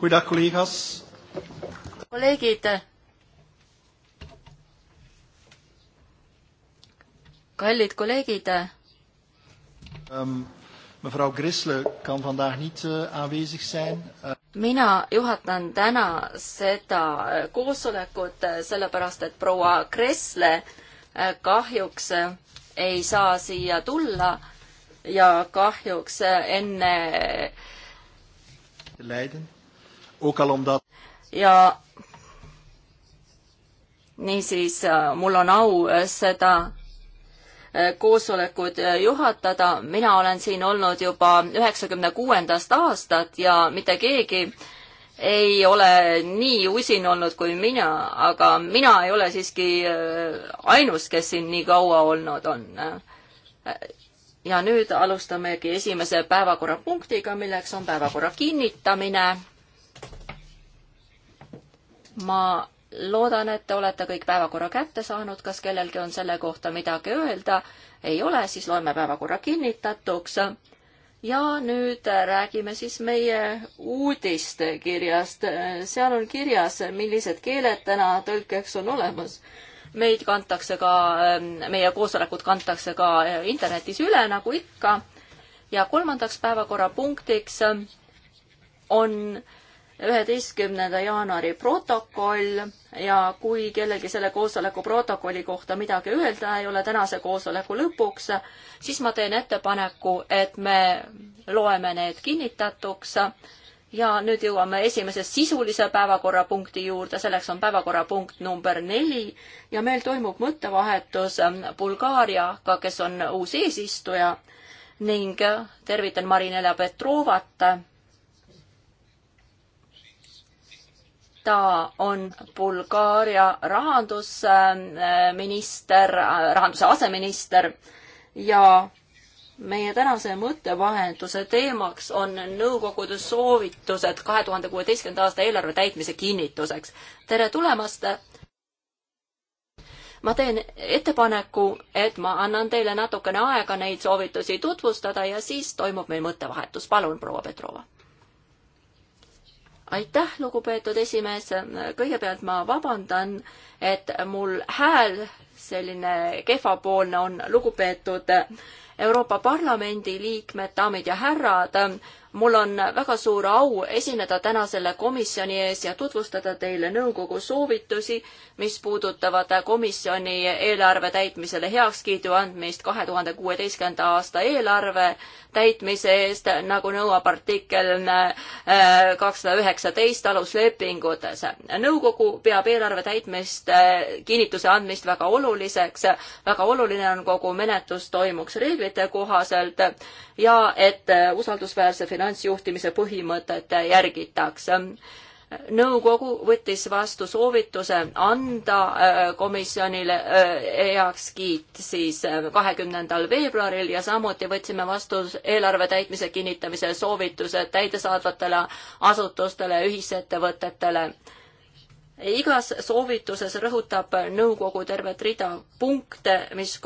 Goedendag collega's. Kolleegid. Kallid kolleegid. Um, mevrouw Grisle kan vandaag niet uh, aanwezig zijn. Uh, mina juhatan täna seda eh, koosolekut, sellepärast et proua Kressle kahjuks ei saa siia tulla ja kahjuks enne Leiden, ja niisiis mul on au äh, seda äh, koosolekut äh, juhatada, mina olen siin olnud juba üheksakümne kuuendast aastat ja mitte keegi ei ole nii usin olnud kui mina, aga mina ei ole siiski ainus, kes siin nii kaua olnud on ja nüüd alustamegi esimese päevakorrapunktiga, milleks on päevakorra kinnitamine. ma loodan, et te olete kõik päevakorra kätte saanud, kas kellelgi on selle kohta midagi öelda? ei ole, siis loeme päevakorra kinnitatuks. ja nüüd räägime siis meie uudistekirjast. seal on kirjas, millised keeled täna tõlkeks on olemas meid kantakse ka, ähm, meie koosolekud kantakse ka äh, internetis üle, nagu ikka. ja kolmandaks päevakorrapunktiks ähm, on üheteistkümnenda jaanuari protokoll ja kui kellelgi selle koosoleku protokolli kohta midagi öelda ei ole tänase koosoleku lõpuks, siis ma teen ettepaneku, et me loeme need kinnitatuks ja nüüd jõuame esimese sisulise päevakorrapunkti juurde, selleks on päevakorrapunkt number neli ja meil toimub mõttevahetus Bulgaariaga, kes on uus eesistuja ning tervitan Marinela Petrovat. ta on Bulgaaria rahandusminister, rahanduse aseminister ja meie tänase mõttevahenduse teemaks on nõukogude soovitused kahe tuhande kuueteistkümnenda aasta eelarve täitmise kinnituseks. tere tulemast! ma teen ettepaneku, et ma annan teile natukene aega neid soovitusi tutvustada ja siis toimub meil mõttevahetus. palun, proua Petrova aitäh, lugupeetud esimees, kõigepealt ma vabandan, et mul hääl selline kehvapoolne on, lugupeetud Euroopa Parlamendi liikmed, daamid ja härrad, mul on väga suur au esineda täna selle komisjoni ees ja tutvustada teile nõukogu soovitusi, mis puudutavad komisjoni eelarve täitmisele heakskiidu andmist kahe tuhande kuueteistkümnenda aasta eelarve täitmise eest, nagu nõuab artikkel äh, kakssada üheksateist aluslepingutes. nõukogu peab eelarve täitmist, äh, kinnituse andmist väga oluliseks, väga oluline on kogu menetlus toimuks reeglite kohaselt ja et äh, usaldusväärse finantsjuhtimise põhimõtet äh, järgitakse nõukogu võttis vastu soovituse anda äh, komisjonile heakskiit siis kahekümnendal veebruaril ja samuti võtsime vastu eelarve täitmise kinnitamise soovitused täidesaatvatele asutustele, ühisettevõtetele igas soovituses rõhutab nõukogu tervet rida punkte, mis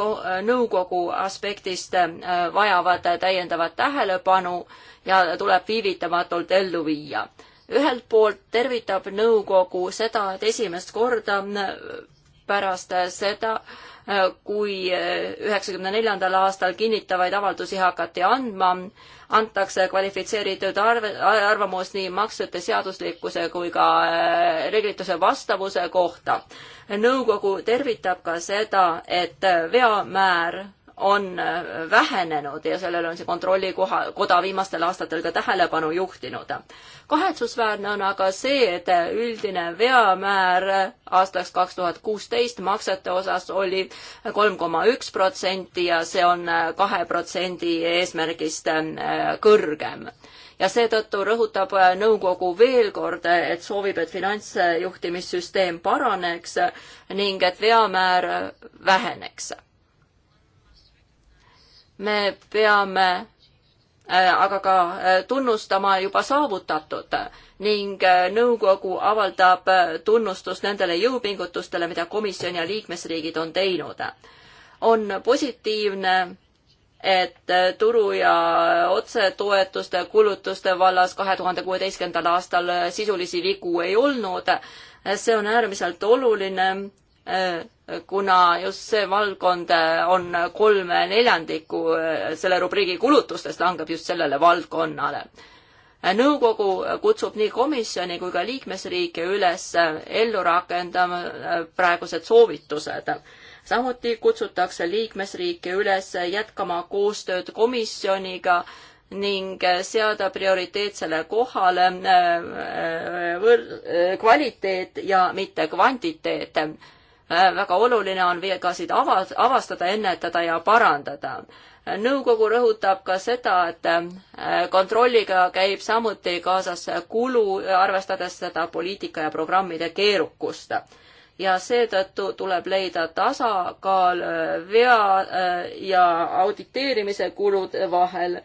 nõukogu aspektist äh, vajavad täiendavat tähelepanu ja tuleb viivitamatult ellu viia. ühelt poolt tervitab nõukogu seda, et esimest korda äh, pärast seda kui üheksakümne neljandal aastal kinnitavaid avaldusi hakati andma, antakse kvalifitseeritud arv, arvamus nii maksete seaduslikkuse kui ka äh, reeglituse vastavuse kohta. nõukogu tervitab ka seda, et veamäär on äh, vähenenud ja sellele on see kontrollikoha, koda viimastel aastatel ka tähelepanu juhtinud. kahetsusväärne on aga see, et üldine veamäär aastaks kaks tuhat kuusteist maksete osas oli kolm koma üks protsenti ja see on äh, kahe protsendi eesmärgist äh, kõrgem ja seetõttu rõhutab nõukogu veel kord, et soovib, et finantsjuhtimissüsteem paraneks ning et veamäär väheneks me peame äh, aga ka äh, tunnustama juba saavutatud ning äh, nõukogu avaldab tunnustust nendele jõupingutustele, mida komisjon ja liikmesriigid on teinud. on positiivne, et turu ja otsetoetuste kulutuste vallas kahe tuhande kuueteistkümnendal aastal sisulisi vigu ei olnud. see on äärmiselt oluline kuna just see valdkond äh, on kolm neljandikku äh, selle rubriigi kulutustest langeb just sellele valdkonnale. Äh, nõukogu kutsub nii komisjoni kui ka liikmesriike üles ellu rakendama praegused soovitused. samuti kutsutakse liikmesriike üles jätkama koostööd komisjoniga ning seada prioriteetsele kohale võr-, kvaliteet ja mitte kvantiteet Äh, väga oluline on vegasid ava-, avastada, ennetada ja parandada. nõukogu rõhutab ka seda, et äh, kontrolliga käib samuti kaasas kulu, arvestades seda poliitika ja programmide keerukust ja seetõttu tuleb leida tasakaal äh, vea ja auditeerimise kulude vahel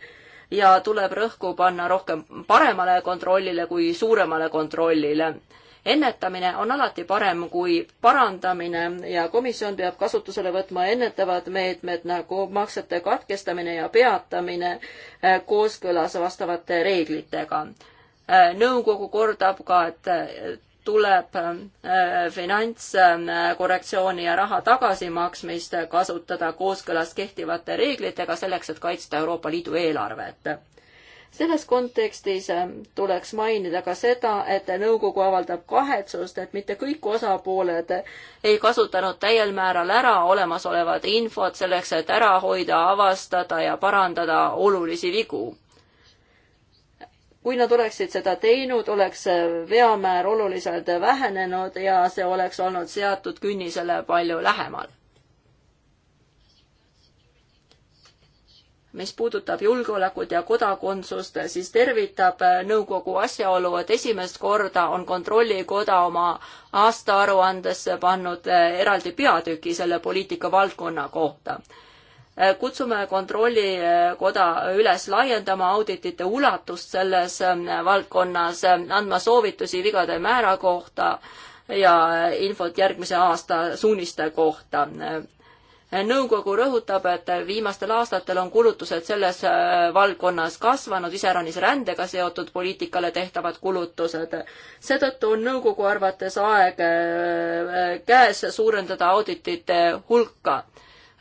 ja tuleb rõhku panna rohkem paremale kontrollile kui suuremale kontrollile ennetamine on alati parem kui parandamine ja komisjon peab kasutusele võtma ennetavad meetmed nagu maksete katkestamine ja peatamine eh, kooskõlas vastavate reeglitega. Eh, nõukogu kordab ka, et eh, tuleb finantskorrektsiooni ja raha tagasimaksmist kasutada kooskõlas kehtivate reeglitega selleks, et kaitsta Euroopa Liidu eelarvet selles kontekstis äh, tuleks mainida ka seda, et nõukogu avaldab kahetsust, et mitte kõik osapooled ei kasutanud täiel määral ära olemasolevat infot selleks, et ära hoida, avastada ja parandada olulisi vigu kui nad oleksid seda teinud, oleks veamäär oluliselt vähenenud ja see oleks olnud seatud künnisele palju lähemal mis puudutab julgeolekut ja kodakondsust, siis tervitab äh, nõukogu asjaolu, et esimest korda on Kontrollikoda oma aastaaruandesse pannud äh, eraldi peatüki selle poliitika valdkonna kohta. Äh, kutsume Kontrollikoda üles laiendama auditite ulatust selles ähm, valdkonnas, andma soovitusi vigade määra kohta ja infot järgmise aasta suuniste kohta nõukogu rõhutab, et viimastel aastatel on kulutused selles äh, valdkonnas kasvanud, iseäranis rändega seotud poliitikale tehtavad kulutused. seetõttu on nõukogu arvates aeg äh, käes suurendada auditite hulka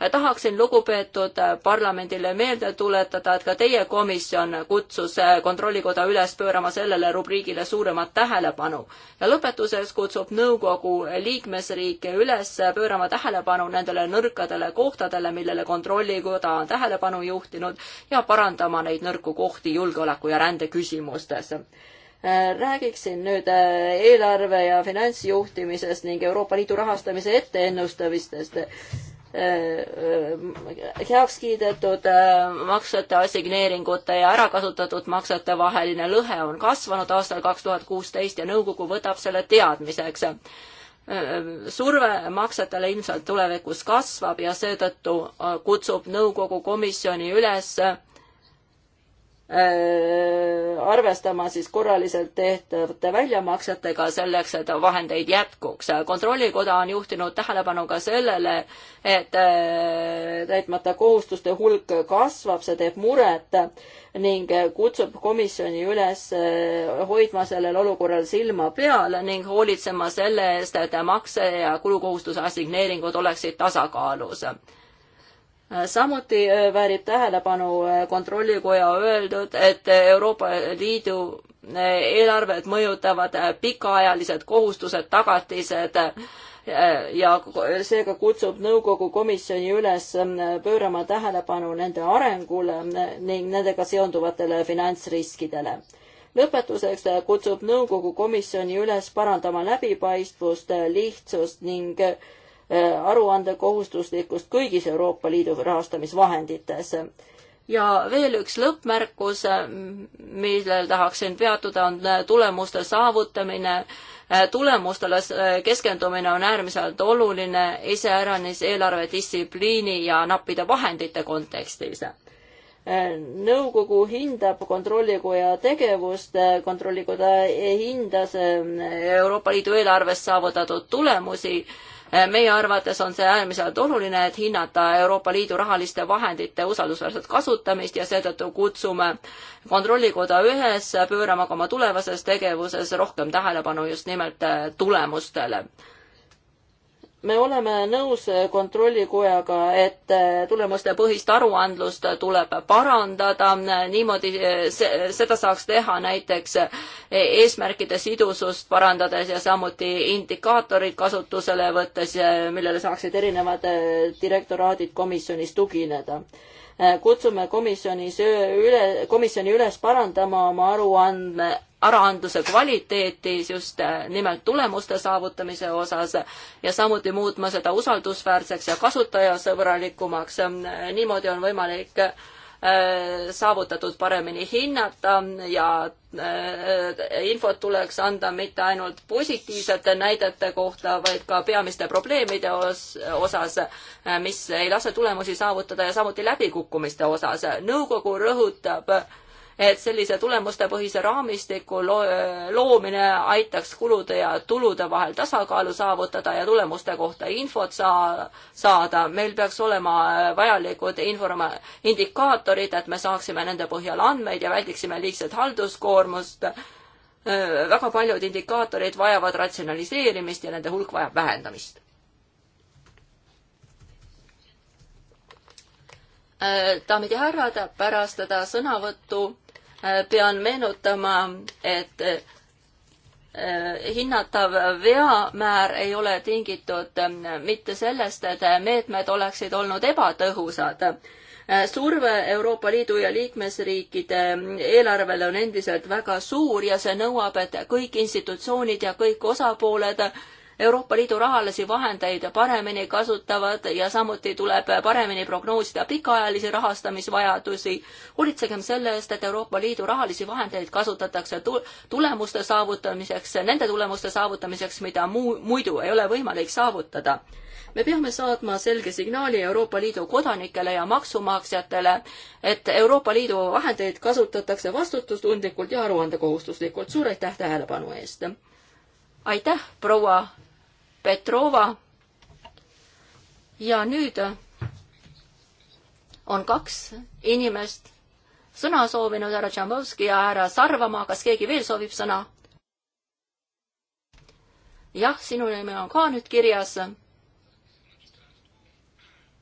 tahaksin lugupeetud parlamendile meelde tuletada, et ka teie komisjon kutsus Kontrollikoda üles pöörama sellele rubriigile suuremat tähelepanu. ja lõpetuseks kutsub nõukogu liikmesriike üles pöörama tähelepanu nendele nõrkadele kohtadele, millele Kontrollikoda on tähelepanu juhtinud ja parandama neid nõrku kohti julgeoleku ja rände küsimustes räägiksin nüüd eelarve ja finantsjuhtimisest ning Euroopa Liidu rahastamise etteennustavistest heaks kiidetud äh, maksete assigneeringute ja ärakasutatud maksete vaheline lõhe on kasvanud aastal kaks tuhat kuusteist ja nõukogu võtab selle teadmiseks. Äh, surve maksetele ilmselt tulevikus kasvab ja seetõttu äh, kutsub nõukogu komisjoni üles Äh, arvestama siis korraliselt tehtavate väljamaksetega selleks, et vahendeid jätkuks. kontrollikoda on juhtinud tähelepanu ka sellele, et äh, täitmata kohustuste hulk kasvab, see teeb muret ning kutsub komisjoni üles äh, hoidma sellel olukorral silma peal ning hoolitsema selle eest, et makse ja kulukohustuse assigneeringud oleksid tasakaalus samuti äh, väärib tähelepanu äh, Kontrollikoja öeldud, et Euroopa Liidu äh, eelarvet mõjutavad pikaajalised kohustused, tagatised ja seega kutsub nõukogu komisjoni üles pöörama tähelepanu nende arengule ning nendega seonduvatele finantsriskidele. lõpetuseks kutsub nõukogu komisjoni üles parandama läbipaistvust, lihtsust ning aruandekohustuslikkust kõigis Euroopa Liidu rahastamisvahendites. ja veel üks lõppmärkus, millel tahaksin peatuda, on tulemuste saavutamine. tulemustele keskendumine on äärmiselt oluline iseäranis eelarvedistsipliini ja nappide vahendite kontekstis nõukogu hindab kontrollikoja tegevust, kontrollikoda hindas Euroopa Liidu eelarvest saavutatud tulemusi Äh, meie arvates on see äärmiselt oluline, et hinnata Euroopa Liidu rahaliste vahendite usaldusväärset kasutamist ja seetõttu kutsume kontrollikoda ühes pöörama ka oma tulevases tegevuses rohkem tähelepanu just nimelt äh, tulemustele me oleme nõus kontrollikojaga, et tulemustepõhist aruandlust tuleb parandada, niimoodi seda saaks teha näiteks eesmärkide sidusust parandades ja samuti indikaatorid kasutusele võttes, millele saaksid erinevad direktoraadid komisjonis tugineda kutsume komisjonis üle, komisjoni üles parandama oma aruandme, äraandluse kvaliteetis just äh, nimelt tulemuste saavutamise osas ja samuti muutma seda usaldusväärseks ja kasutajasõbralikumaks. niimoodi on võimalik äh, Äh, saavutatud paremini hinnata ja äh, infot tuleks anda mitte ainult positiivsete näidete kohta, vaid ka peamiste probleemide os osas, äh, mis ei lase tulemusi saavutada ja samuti läbikukkumiste osas. nõukogu rõhutab äh, et sellise tulemustepõhise raamistiku loomine aitaks kulude ja tulude vahel tasakaalu saavutada ja tulemuste kohta infot saa-, saada. meil peaks olema vajalikud informa-, indikaatorid, et me saaksime nende põhjal andmeid ja väldiksime liigset halduskoormust. väga paljud indikaatorid vajavad ratsionaliseerimist ja nende hulk vajab vähendamist äh, daamid ja härrad, pärast seda sõnavõttu Äh, pean meenutama, et äh, hinnatav veamäär ei ole tingitud äh, mitte sellest, et meetmed oleksid olnud ebatõhusad. surve Euroopa Liidu ja liikmesriikide eelarvele on endiselt väga suur ja see nõuab, et kõik institutsioonid ja kõik osapooled Euroopa Liidu rahalisi vahendeid paremini kasutavad ja samuti tuleb paremini prognoosida pikaajalisi rahastamisvajadusi. hoolitsegem selle eest, et Euroopa Liidu rahalisi vahendeid kasutatakse tulemuste saavutamiseks, nende tulemuste saavutamiseks, mida muu, muidu ei ole võimalik saavutada me peame saatma selge signaali Euroopa Liidu kodanikele ja maksumaksjatele, et Euroopa Liidu vahendeid kasutatakse vastutustundlikult ja aruandekohustuslikult. suur aitäh tähelepanu eest! aitäh, proua Petrova. ja nüüd on kaks inimest sõna soovinud, härra Tšambovski ja härra Sarvamaa, kas keegi veel soovib sõna? jah, sinu nimi on ka nüüd kirjas.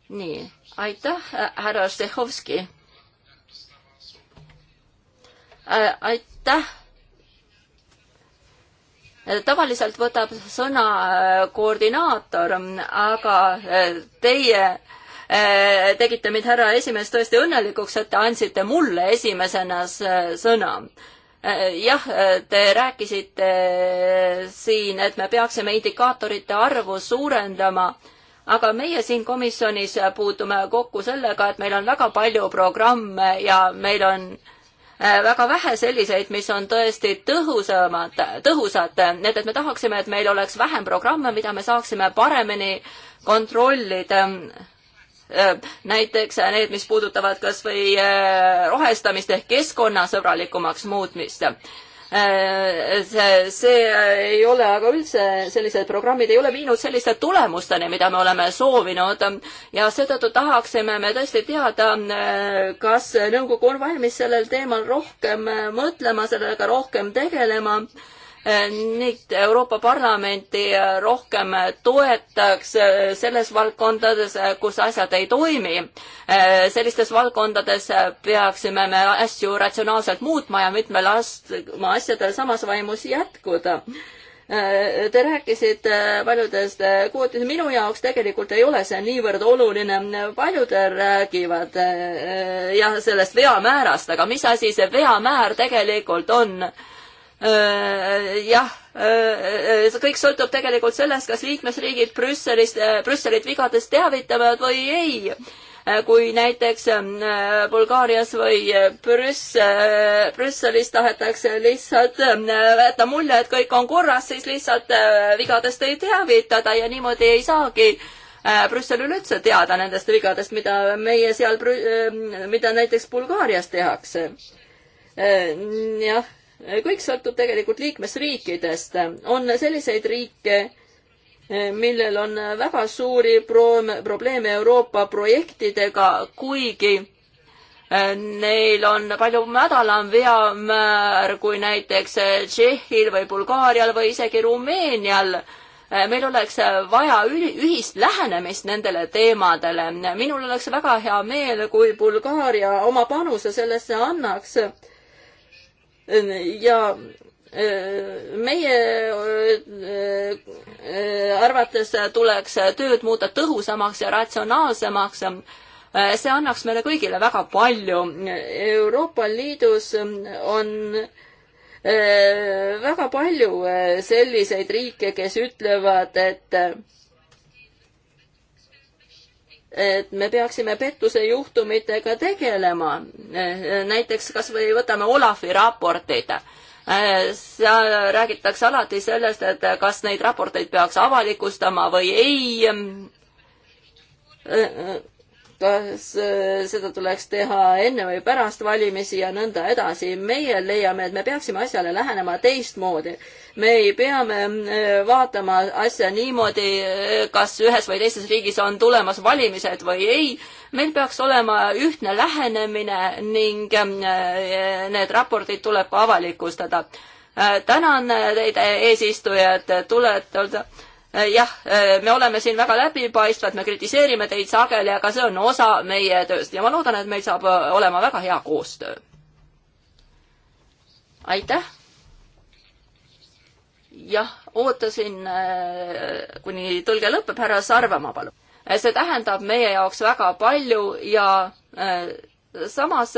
nii, aitäh, härra Štehovski äh,. aitäh tavaliselt võtab sõna äh, koordinaator, aga äh, teie äh, tegite mind, härra esimees, tõesti õnnelikuks, et te andsite mulle esimesena sõna jah, te rääkisite siin, et me peaksime indikaatorite arvu suurendama, aga meie siin komisjonis puutume kokku sellega, et meil on väga palju programme ja meil on äh, Äh, väga vähe selliseid, mis on tõesti tõhusamad, tõhusad, nii et, et me tahaksime, et meil oleks vähem programme, mida me saaksime paremini kontrollida äh, näiteks need, mis puudutavad kas või äh, rohestamist ehk keskkonnasõbralikumaks muutmist. Äh, see, see äh, ei ole aga üldse, sellised programmid ei ole viinud selliste tulemusteni, mida me oleme soovinud ja seetõttu tahaksime me tõesti teada, äh, kas nõukogu on valmis sellel teemal rohkem mõtlema, sellega rohkem tegelema Äh, neid Euroopa Parlamenti äh, rohkem äh, toetaks selles valdkondades, kus asjad ei toimi. sellistes valdkondades peaksime me asju ratsionaalselt muutma ja mitme laskma asjadel samas vaimus jätkuda. Te rääkisite paljudest kvootidest, minu jaoks tegelikult ei ole see niivõrd oluline, paljud räägivad jah, sellest veamäärast, aga mis asi see veamäär tegelikult on? Äh, äh, jah, see äh, kõik sõltub tegelikult sellest, kas liikmesriigid Brüsselist, Brüsselit vigadest teavitavad või ei. kui näiteks Bulgaarias või Brüss-, Brüsselis tahetakse lihtsalt jätta mulje, et kõik on korras, siis lihtsalt vigadest ei teavitada ja niimoodi ei saagi Brüssel üleüldse teada nendest vigadest, mida meie seal, mida näiteks Bulgaarias tehakse. jah kõik sõltub tegelikult liikmesriikidest. on selliseid riike, eh, millel on väga suuri pro-, probleeme Euroopa projektidega, kuigi eh, neil on palju madalam veamäär kui näiteks eh, Tšehhil või Bulgaarial või isegi Rumeenial. meil oleks vaja ühist lähenemist nendele teemadele. minul oleks väga hea meel, kui Bulgaaria oma panuse sellesse annaks ja äh, meie äh, äh, arvates tuleks tööd muuta tõhusamaks ja ratsionaalsemaks. see annaks meile kõigile väga palju. Euroopa Liidus on väga palju selliseid riike, kes ütlevad, et et me peaksime pettuse juhtumitega tegelema. näiteks kas või võtame Olafi raporteid. seal räägitakse alati sellest, et kas neid raporteid peaks avalikustama või ei. kas seda tuleks teha enne või pärast valimisi ja nõnda edasi. meie leiame, et me peaksime asjale lähenema teistmoodi me ei pea me äh, vaatama asja niimoodi, äh, kas ühes või teises riigis on tulemas valimised või ei. meil peaks olema ühtne lähenemine ning äh, need raportid tuleb ka avalikustada. tänan teid, eesistujad, tulete jah, me oleme siin väga läbipaistvad, me kritiseerime teid sageli, aga see on osa meie tööst ja ma loodan, et meil saab olema väga hea koostöö. aitäh! jah, ootasin, äh, kuni tõlge lõpeb, härra Sarvemaa, palun. Äh, see tähendab meie jaoks väga palju ja äh, samas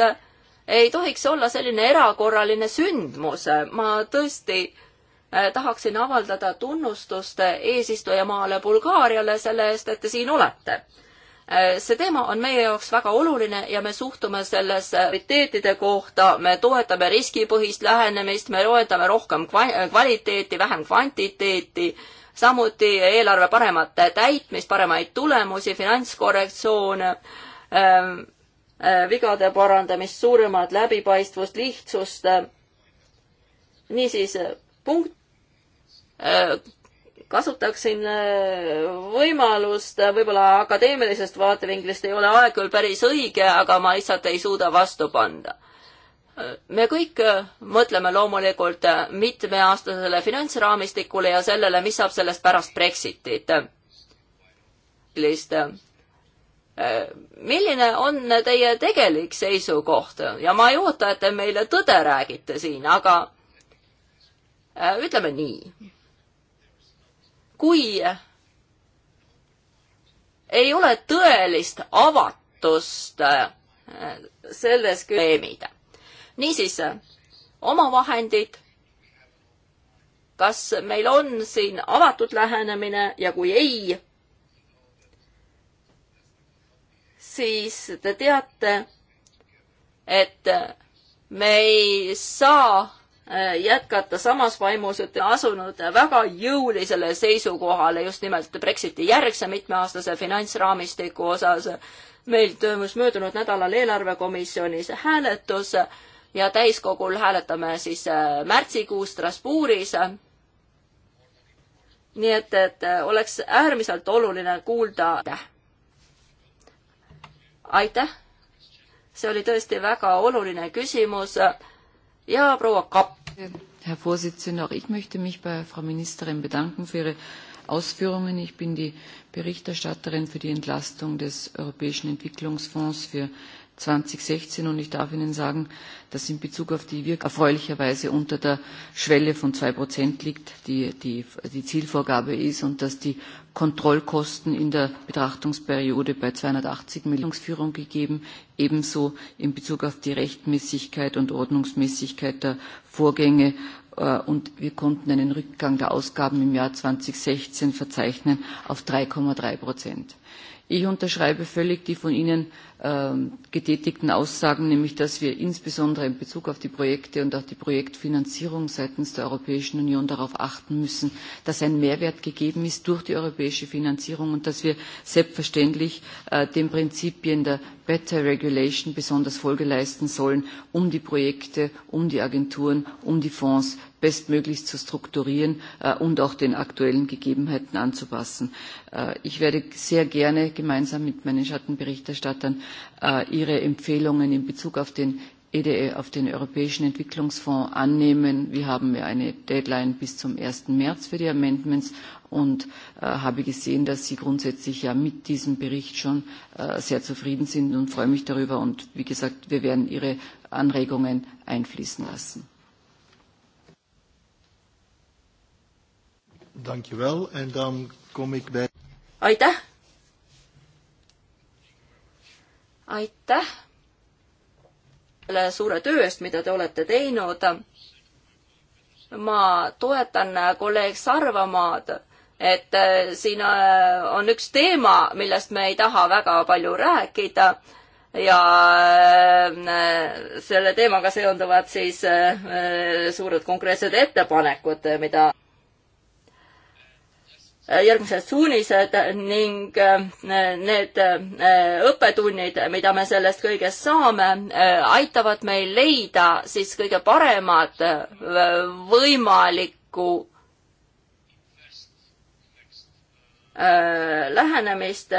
ei tohiks olla selline erakorraline sündmus. ma tõesti tahaksin avaldada tunnustust eesistujamaale Bulgaariale selle eest, et te siin olete. Äh, see teema on meie jaoks väga oluline ja me suhtume selles prioriteetide kohta, me toetame riskipõhist lähenemist, me toetame rohkem kvaliteeti, vähem kvantiteeti, samuti eelarve paremat täitmist, paremaid tulemusi, finantskorrektsioone ähm,, äh, vigade parandamist, suuremat läbipaistvust, lihtsust. niisiis, punkt äh, kasutaksin äh, võimalust, äh, võib-olla akadeemilisest vaatevinklist ei ole aeg küll päris õige, aga ma lihtsalt ei suuda vastu panna. Äh, me kõik mõtleme loomulikult mitmeaastasele finantsraamistikule ja sellele, mis saab sellest pärast Brexitit. milline on teie tegelik seisukoht ja ma ei oota, et te meile tõde räägite siin, aga ütleme nii kui ei ole tõelist avatust äh, selles kreemid. niisiis, omavahendid, kas meil on siin avatud lähenemine ja kui ei, siis te teate, et me ei saa Äh, jätkata samas vaimus, et asunud väga jõulisele seisukohale just nimelt Brexiti järgse mitmeaastase finantsraamistiku osas. meil toimus möödunud nädalal eelarvekomisjonis hääletus ja täiskogul hääletame siis äh, märtsikuus Strasbourgis. nii et, et äh, oleks äärmiselt oluline kuulda. aitäh! see oli tõesti väga oluline küsimus ja proua Kapp Herr Vorsitzender, auch ich möchte mich bei Frau Ministerin bedanken für ihre Ausführungen. Ich bin die Berichterstatterin für die Entlastung des Europäischen Entwicklungsfonds für 2016. Und ich darf Ihnen sagen, dass in Bezug auf die Wirkung erfreulicherweise unter der Schwelle von 2% liegt, die, die die Zielvorgabe ist, und dass die Kontrollkosten in der Betrachtungsperiode bei 280 Millionen Führung gegeben, ebenso in Bezug auf die Rechtmäßigkeit und Ordnungsmäßigkeit der Vorgänge äh, und wir konnten einen Rückgang der Ausgaben im Jahr 2016 verzeichnen auf 3,3 Prozent. Ich unterschreibe völlig die von Ihnen ähm, getätigten Aussagen, nämlich dass wir insbesondere in Bezug auf die Projekte und auch die Projektfinanzierung seitens der Europäischen Union darauf achten müssen, dass ein Mehrwert gegeben ist durch die europäische Finanzierung und dass wir selbstverständlich äh, den Prinzipien der Better Regulation besonders Folge leisten sollen, um die Projekte, um die Agenturen, um die Fonds bestmöglich zu strukturieren äh, und auch den aktuellen Gegebenheiten anzupassen. Äh, ich werde sehr gerne gemeinsam mit meinen Schattenberichterstattern äh, Ihre Empfehlungen in Bezug auf den EDE e, auf den Europäischen Entwicklungsfonds annehmen. Wir haben ja eine Deadline bis zum 1. März für die Amendments und äh, habe gesehen, dass Sie grundsätzlich ja mit diesem Bericht schon äh, sehr zufrieden sind und freue mich darüber. Und wie gesagt, wir werden Ihre Anregungen einfließen lassen. Dankjewel en dan kom ik bij... aitäh! aitäh selle suure töö eest, mida te olete teinud. ma toetan äh, kolleeg Sarvamaad, et äh, siin äh, on üks teema, millest me ei taha väga palju rääkida ja selle teemaga seonduvad siis suured konkreetsed ettepanekud, mida järgmised suunised ning äh, need äh, õppetunnid, mida me sellest kõigest saame, äh, aitavad meil leida siis kõige paremad võimalikku lähenemist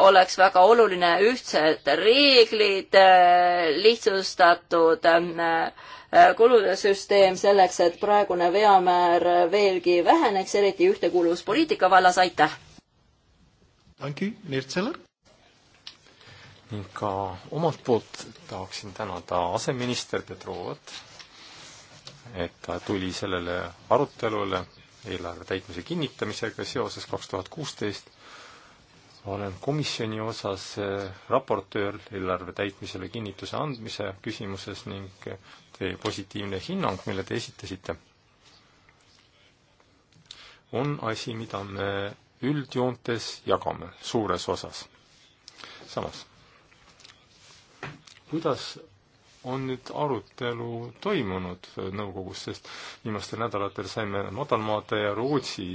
oleks väga oluline ühtsed reeglid, lihtsustatud äh, Äh, kulude süsteem selleks, et praegune veamäär veelgi väheneks, eriti ühtekuuluvuspoliitika vallas, aitäh! ning ka omalt poolt tahaksin tänada aseminister Petrovat, et ta tuli sellele arutelule eelarve täitmise kinnitamisega seoses kaks tuhat kuusteist olen komisjoni osas äh, raportöör eelarve täitmisele kinnituse andmise küsimuses ning Teie positiivne hinnang, mille te esitasite, on asi, mida me üldjoontes jagame suures osas. samas, kuidas on nüüd arutelu toimunud nõukogus, sest viimastel nädalatel saime Madalmaade ja Rootsi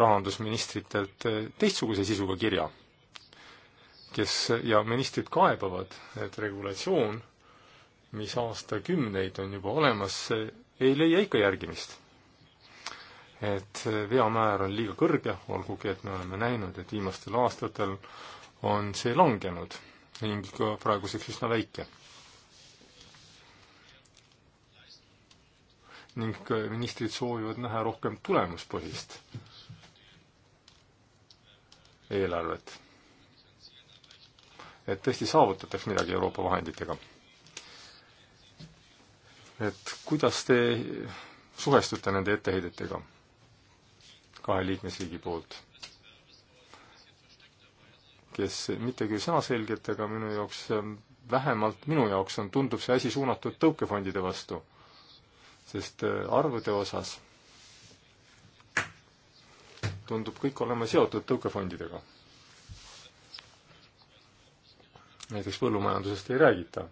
rahandusministritelt teistsuguse sisuga kirja, kes ja ministrid kaebavad, et regulatsioon mis aastakümneid on juba olemas, ei leia ikka järgimist. et veamäär on liiga kõrge, olgugi et me oleme näinud, et viimastel aastatel on see langenud ning praeguseks üsna väike. ning ministrid soovivad näha rohkem tulemuspõhist eelarvet. et tõesti saavutataks midagi Euroopa vahenditega et kuidas te suhestute nende etteheidetega kahe liikmesriigi poolt, kes mitte küll sõnaselgelt, aga minu jaoks, vähemalt minu jaoks on, tundub see asi suunatud tõukefondide vastu, sest äh, arvude osas tundub kõik olema seotud tõukefondidega. näiteks põllumajandusest ei räägita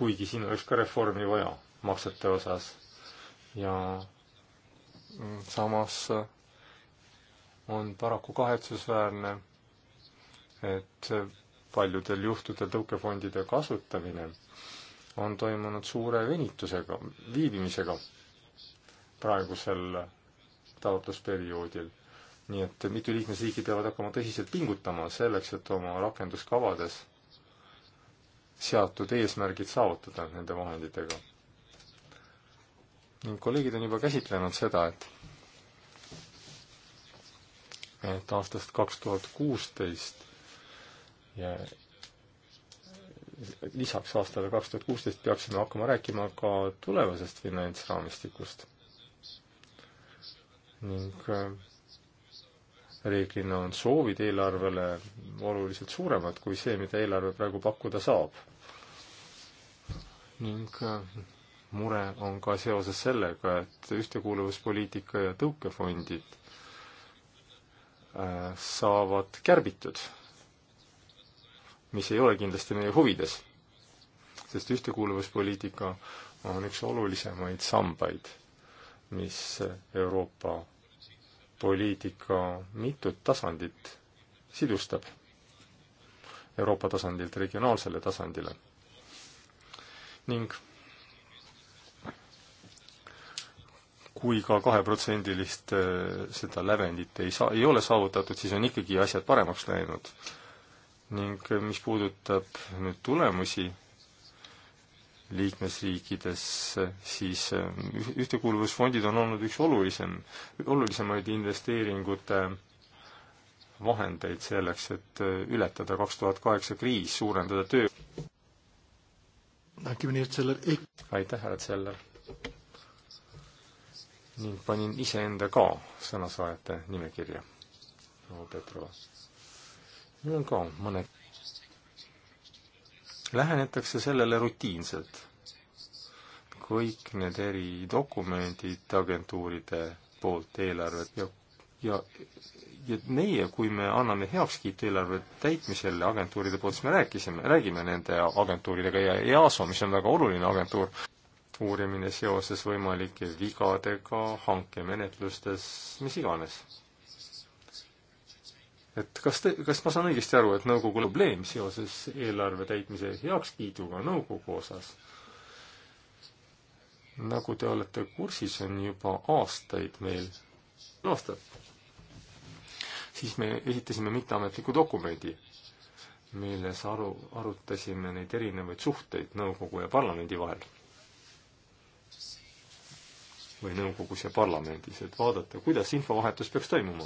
kuigi siin oleks ka reformi vaja maksete osas. ja samas on paraku kahetsusväärne, et paljudel juhtudel tõukefondide kasutamine on toimunud suure venitusega, viibimisega praegusel taotlusperioodil. nii et mitu liikmesriiki peavad hakkama tõsiselt pingutama selleks, et oma rakenduskavades seatud eesmärgid saavutada nende vahenditega. ning kolleegid on juba käsitlenud seda, et et aastast kaks tuhat kuusteist ja lisaks aastale kaks tuhat kuusteist peaksime hakkama rääkima ka tulevasest finantsraamistikust. ning äh, reeglina on soovid eelarvele oluliselt suuremad kui see, mida eelarve praegu pakkuda saab. ning äh, mure on ka seoses sellega, et ühtekuuluvuspoliitika ja tõukefondid äh, saavad kärbitud, mis ei ole kindlasti meie huvides, sest ühtekuuluvuspoliitika on üks olulisemaid sambaid, mis Euroopa poliitika mitut tasandit sidustab Euroopa tasandilt regionaalsele tasandile ning kui ka kaheprotsendilist äh, seda lävendit ei saa, ei ole saavutatud, siis on ikkagi asjad paremaks läinud. ning äh, mis puudutab nüüd tulemusi, liikmesriikides, siis eh, ühtekuuluvusfondid on olnud üks olulisem, olulisemaid investeeringute vahendeid selleks, et eh, ületada kaks tuhat kaheksa kriis, suurendada töö. aitäh, härra Zeller! ning panin iseenda ka sõnasaajate nimekirja, proua Petrova. mul on ka mõned lähenetakse sellele rutiinselt. kõik need eri dokumendid agentuuride poolt eelarvet ja, ja, ja meie, kui me anname heakskiitu eelarve täitmisele agentuuride poolt, siis me rääkisime, räägime nende agentuuridega ja EASO, mis on väga oluline agentuur, uurimine seoses võimalike vigadega hankemenetlustes, mis iganes et kas te, kas ma saan õigesti aru, et nõukogu probleem seoses eelarve täitmise heakskiiduga nõukogu osas, nagu te olete kursis, on juba aastaid meil, aastad, siis me esitasime mitteametliku dokumendi, milles aru, arutasime neid erinevaid suhteid nõukogu ja parlamendi vahel. või nõukogus ja parlamendis, et vaadata, kuidas infovahetus peaks toimuma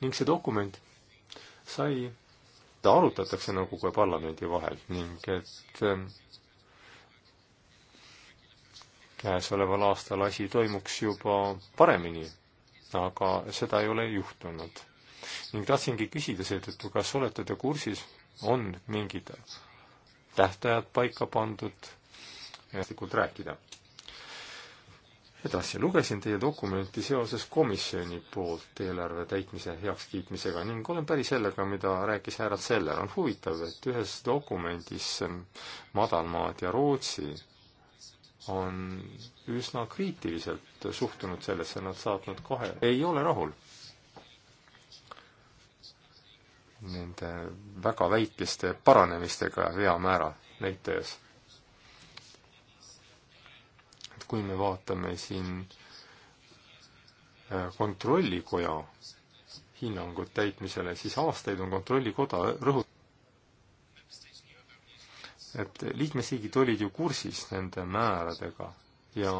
ning see dokument sai, ta arutatakse nõukogu ja parlamendi vahel ning et ähm, käesoleval aastal asi toimuks juba paremini, aga seda ei ole juhtunud. ning tahtsingi küsida seetõttu, kas olete te kursis, on mingid tähtajad paika pandud, jätkuvalt rääkida edasi, lugesin teie dokumenti seoses komisjoni poolt eelarve täitmise heakskiitmisega ning olen päri sellega, mida rääkis härra Zeller. on huvitav, et ühes dokumendis ähm, Madalmaad ja Rootsi on üsna kriitiliselt suhtunud sellesse, nad saatnud kahe, ei ole rahul nende väga väikeste paranemistega veamäära näitajas kui me vaatame siin äh, kontrollikoja hinnangut täitmisele, siis aastaid on kontrollikoda rõhut-, et liikmesriigid olid ju kursis nende määradega ja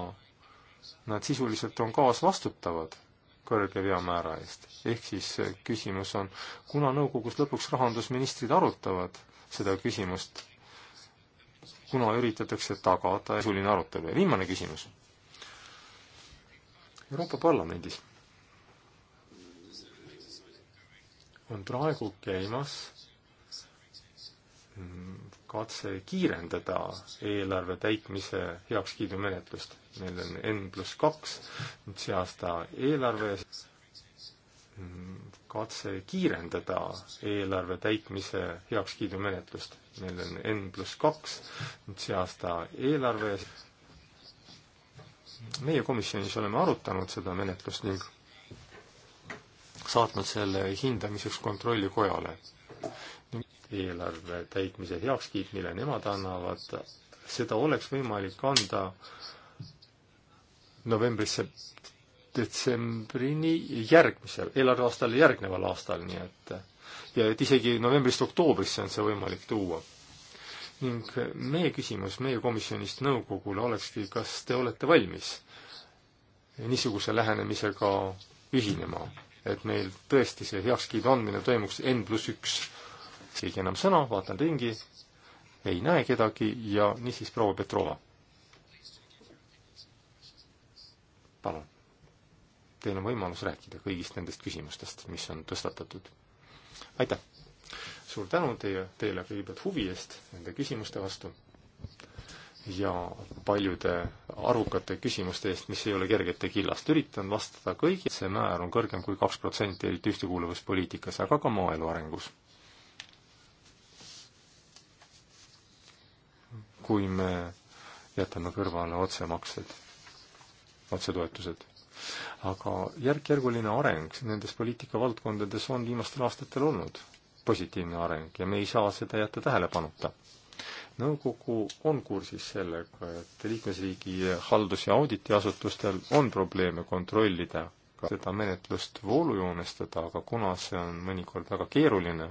nad sisuliselt on kaasvastutavad kõrge veamäära eest. ehk siis äh, küsimus on, kuna nõukogus lõpuks rahandusministrid arutavad seda küsimust kuna üritatakse tagada sisuline arutelu. ja viimane küsimus. Euroopa Parlamendis on praegu käimas katse kiirendada eelarve täitmise heakskiidumenetlust. meil on N pluss kaks, nüüd see aasta eelarve katse kiirendada eelarve täitmise heakskiidumenetlust. meil on N pluss kaks, nüüd see aasta eelarve. meie komisjonis oleme arutanud seda menetlust ning saatnud selle hindamiseks kontrollikojale. eelarve täitmise heakskiit, mille nemad annavad, seda oleks võimalik anda novembris detsembrini järgmisel, eelarveaastale järgneval aastal, nii et ja et isegi novembrist-oktoobrisse on see võimalik tuua. ning meie küsimus meie komisjonist nõukogule olekski, kas te olete valmis niisuguse lähenemisega ühinema, et meil tõesti see heakskiidu andmine toimuks N pluss üks. keegi enam sõna, vaatan ringi, ei näe kedagi ja niisiis proua Petrova. palun teil on võimalus rääkida kõigist nendest küsimustest, mis on tõstatatud. aitäh! suur tänu teie, teile kõigepealt huvi eest nende küsimuste vastu ja paljude arvukate küsimuste eest, mis ei ole kergete killast. üritan vastada kõigile, see määr on kõrgem kui kaks protsenti, eriti ühtekuuluvuspoliitikas, aga ka maaelu arengus. kui me jätame kõrvale otsemaksed, otsetoetused aga järk-järguline areng nendes poliitikavaldkondades on viimastel aastatel olnud positiivne areng ja me ei saa seda jätta tähelepanuta. nõukogu on kursis sellega, et liikmesriigi haldus- ja auditiasutustel on probleeme kontrollida ka seda menetlust voolujoonestada, aga kuna see on mõnikord väga keeruline,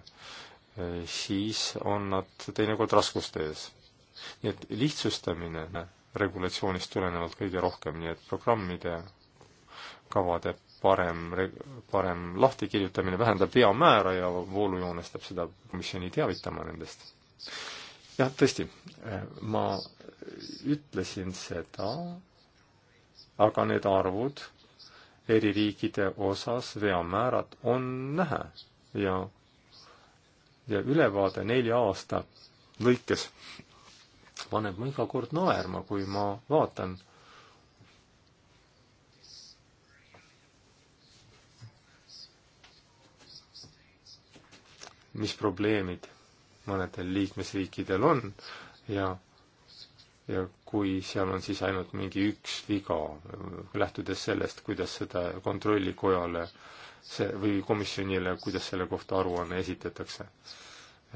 siis on nad teinekord raskuste ees. nii et lihtsustamine regulatsioonist tulenevalt kõige rohkem, nii et programmide kavade parem, parem lahtikirjutamine vähendab vea määra ja voolujoonest peab seda komisjoni teavitama nendest. jah, tõesti, ma ütlesin seda, aga need arvud eri riikide osas veamäärad on näha ja, ja ülevaade nelja aasta lõikes paneb mu iga kord naerma, kui ma vaatan mis probleemid mõnedel liikmesriikidel on ja, ja kui seal on siis ainult mingi üks viga, lähtudes sellest, kuidas seda kontrollikojale see või komisjonile, kuidas selle kohta aruanne esitatakse.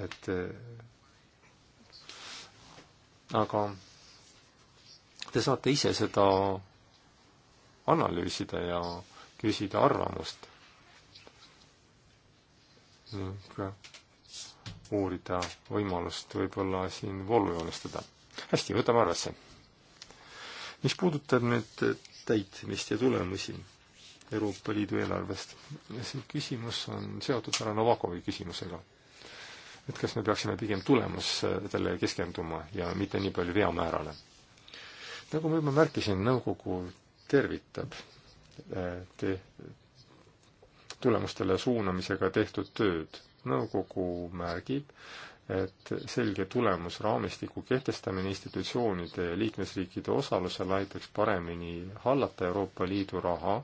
et äh, aga te saate ise seda analüüsida ja küsida arvamust ning äh, uurida võimalust võib-olla siin voolu joonistada. hästi, võtame arvesse. mis puudutab nüüd täitmist ja tulemusi Euroopa Liidu eelarvest, see küsimus on seotud härra Novakovi küsimusega. et kas me peaksime pigem tulemustele keskenduma ja mitte nii palju veamäärale. nagu ma juba märkisin, nõukogu tervitab äh, te tulemustele suunamisega tehtud tööd. nõukogu märgib, et selge tulemusraamistiku kehtestamine institutsioonide ja liikmesriikide osalusel aitaks paremini hallata Euroopa Liidu raha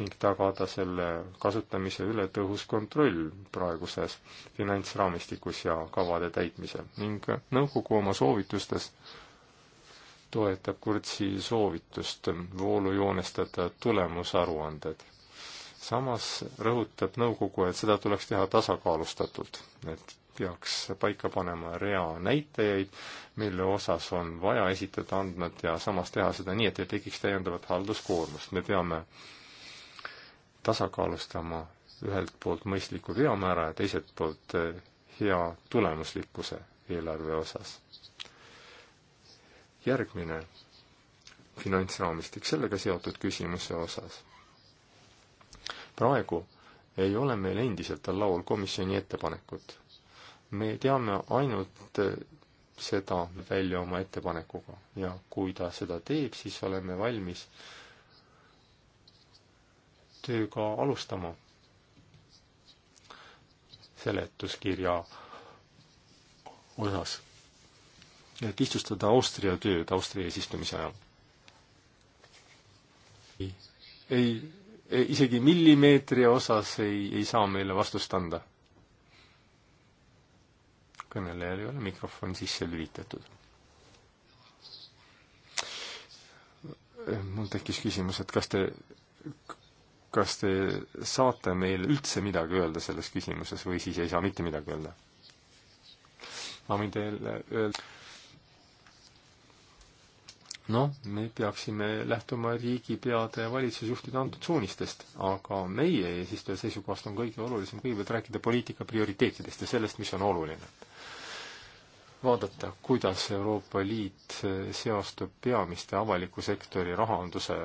ning tagada selle kasutamise üle tõhus kontroll praeguses finantsraamistikus ja kavade täitmisel ning nõukogu oma soovitustes toetab Kurtsi soovitust voolujoonestada tulemusaruanded samas rõhutab nõukogu, et seda tuleks teha tasakaalustatult, et peaks paika panema rea näitajaid, mille osas on vaja esitada andmed ja samas teha seda nii, et ei tekiks täiendavat halduskoormust. me peame tasakaalustama ühelt poolt mõistliku veamäära ja teiselt poolt eh, hea tulemuslikkuse eelarve osas. järgmine finantsraamistik sellega seotud küsimuse osas praegu ei ole meil endiselt on laual komisjoni ettepanekut. me teame ainult eh, seda välja oma ettepanekuga ja kui ta seda teeb, siis oleme valmis tööga alustama. seletuskirja osas, et lihtsustada Austria tööd Austria eesistumise ajal. ei, ei E, isegi millimeetri osas ei, ei saa meile vastust anda. kõnelejal ei ole mikrofon sisse lülitatud. E, mul tekkis küsimus, et kas te, kas te saate meile üldse midagi öelda selles küsimuses või siis ei saa mitte midagi öelda? ma võin teile öelda noh, me peaksime lähtuma riigipeade ja valitsusjuhtide antud suunistest, aga meie eesistuja seisukohast on kõige olulisem kõigepealt rääkida poliitika prioriteetidest ja sellest, mis on oluline. vaadata, kuidas Euroopa Liit seostub peamiste avaliku sektori rahanduse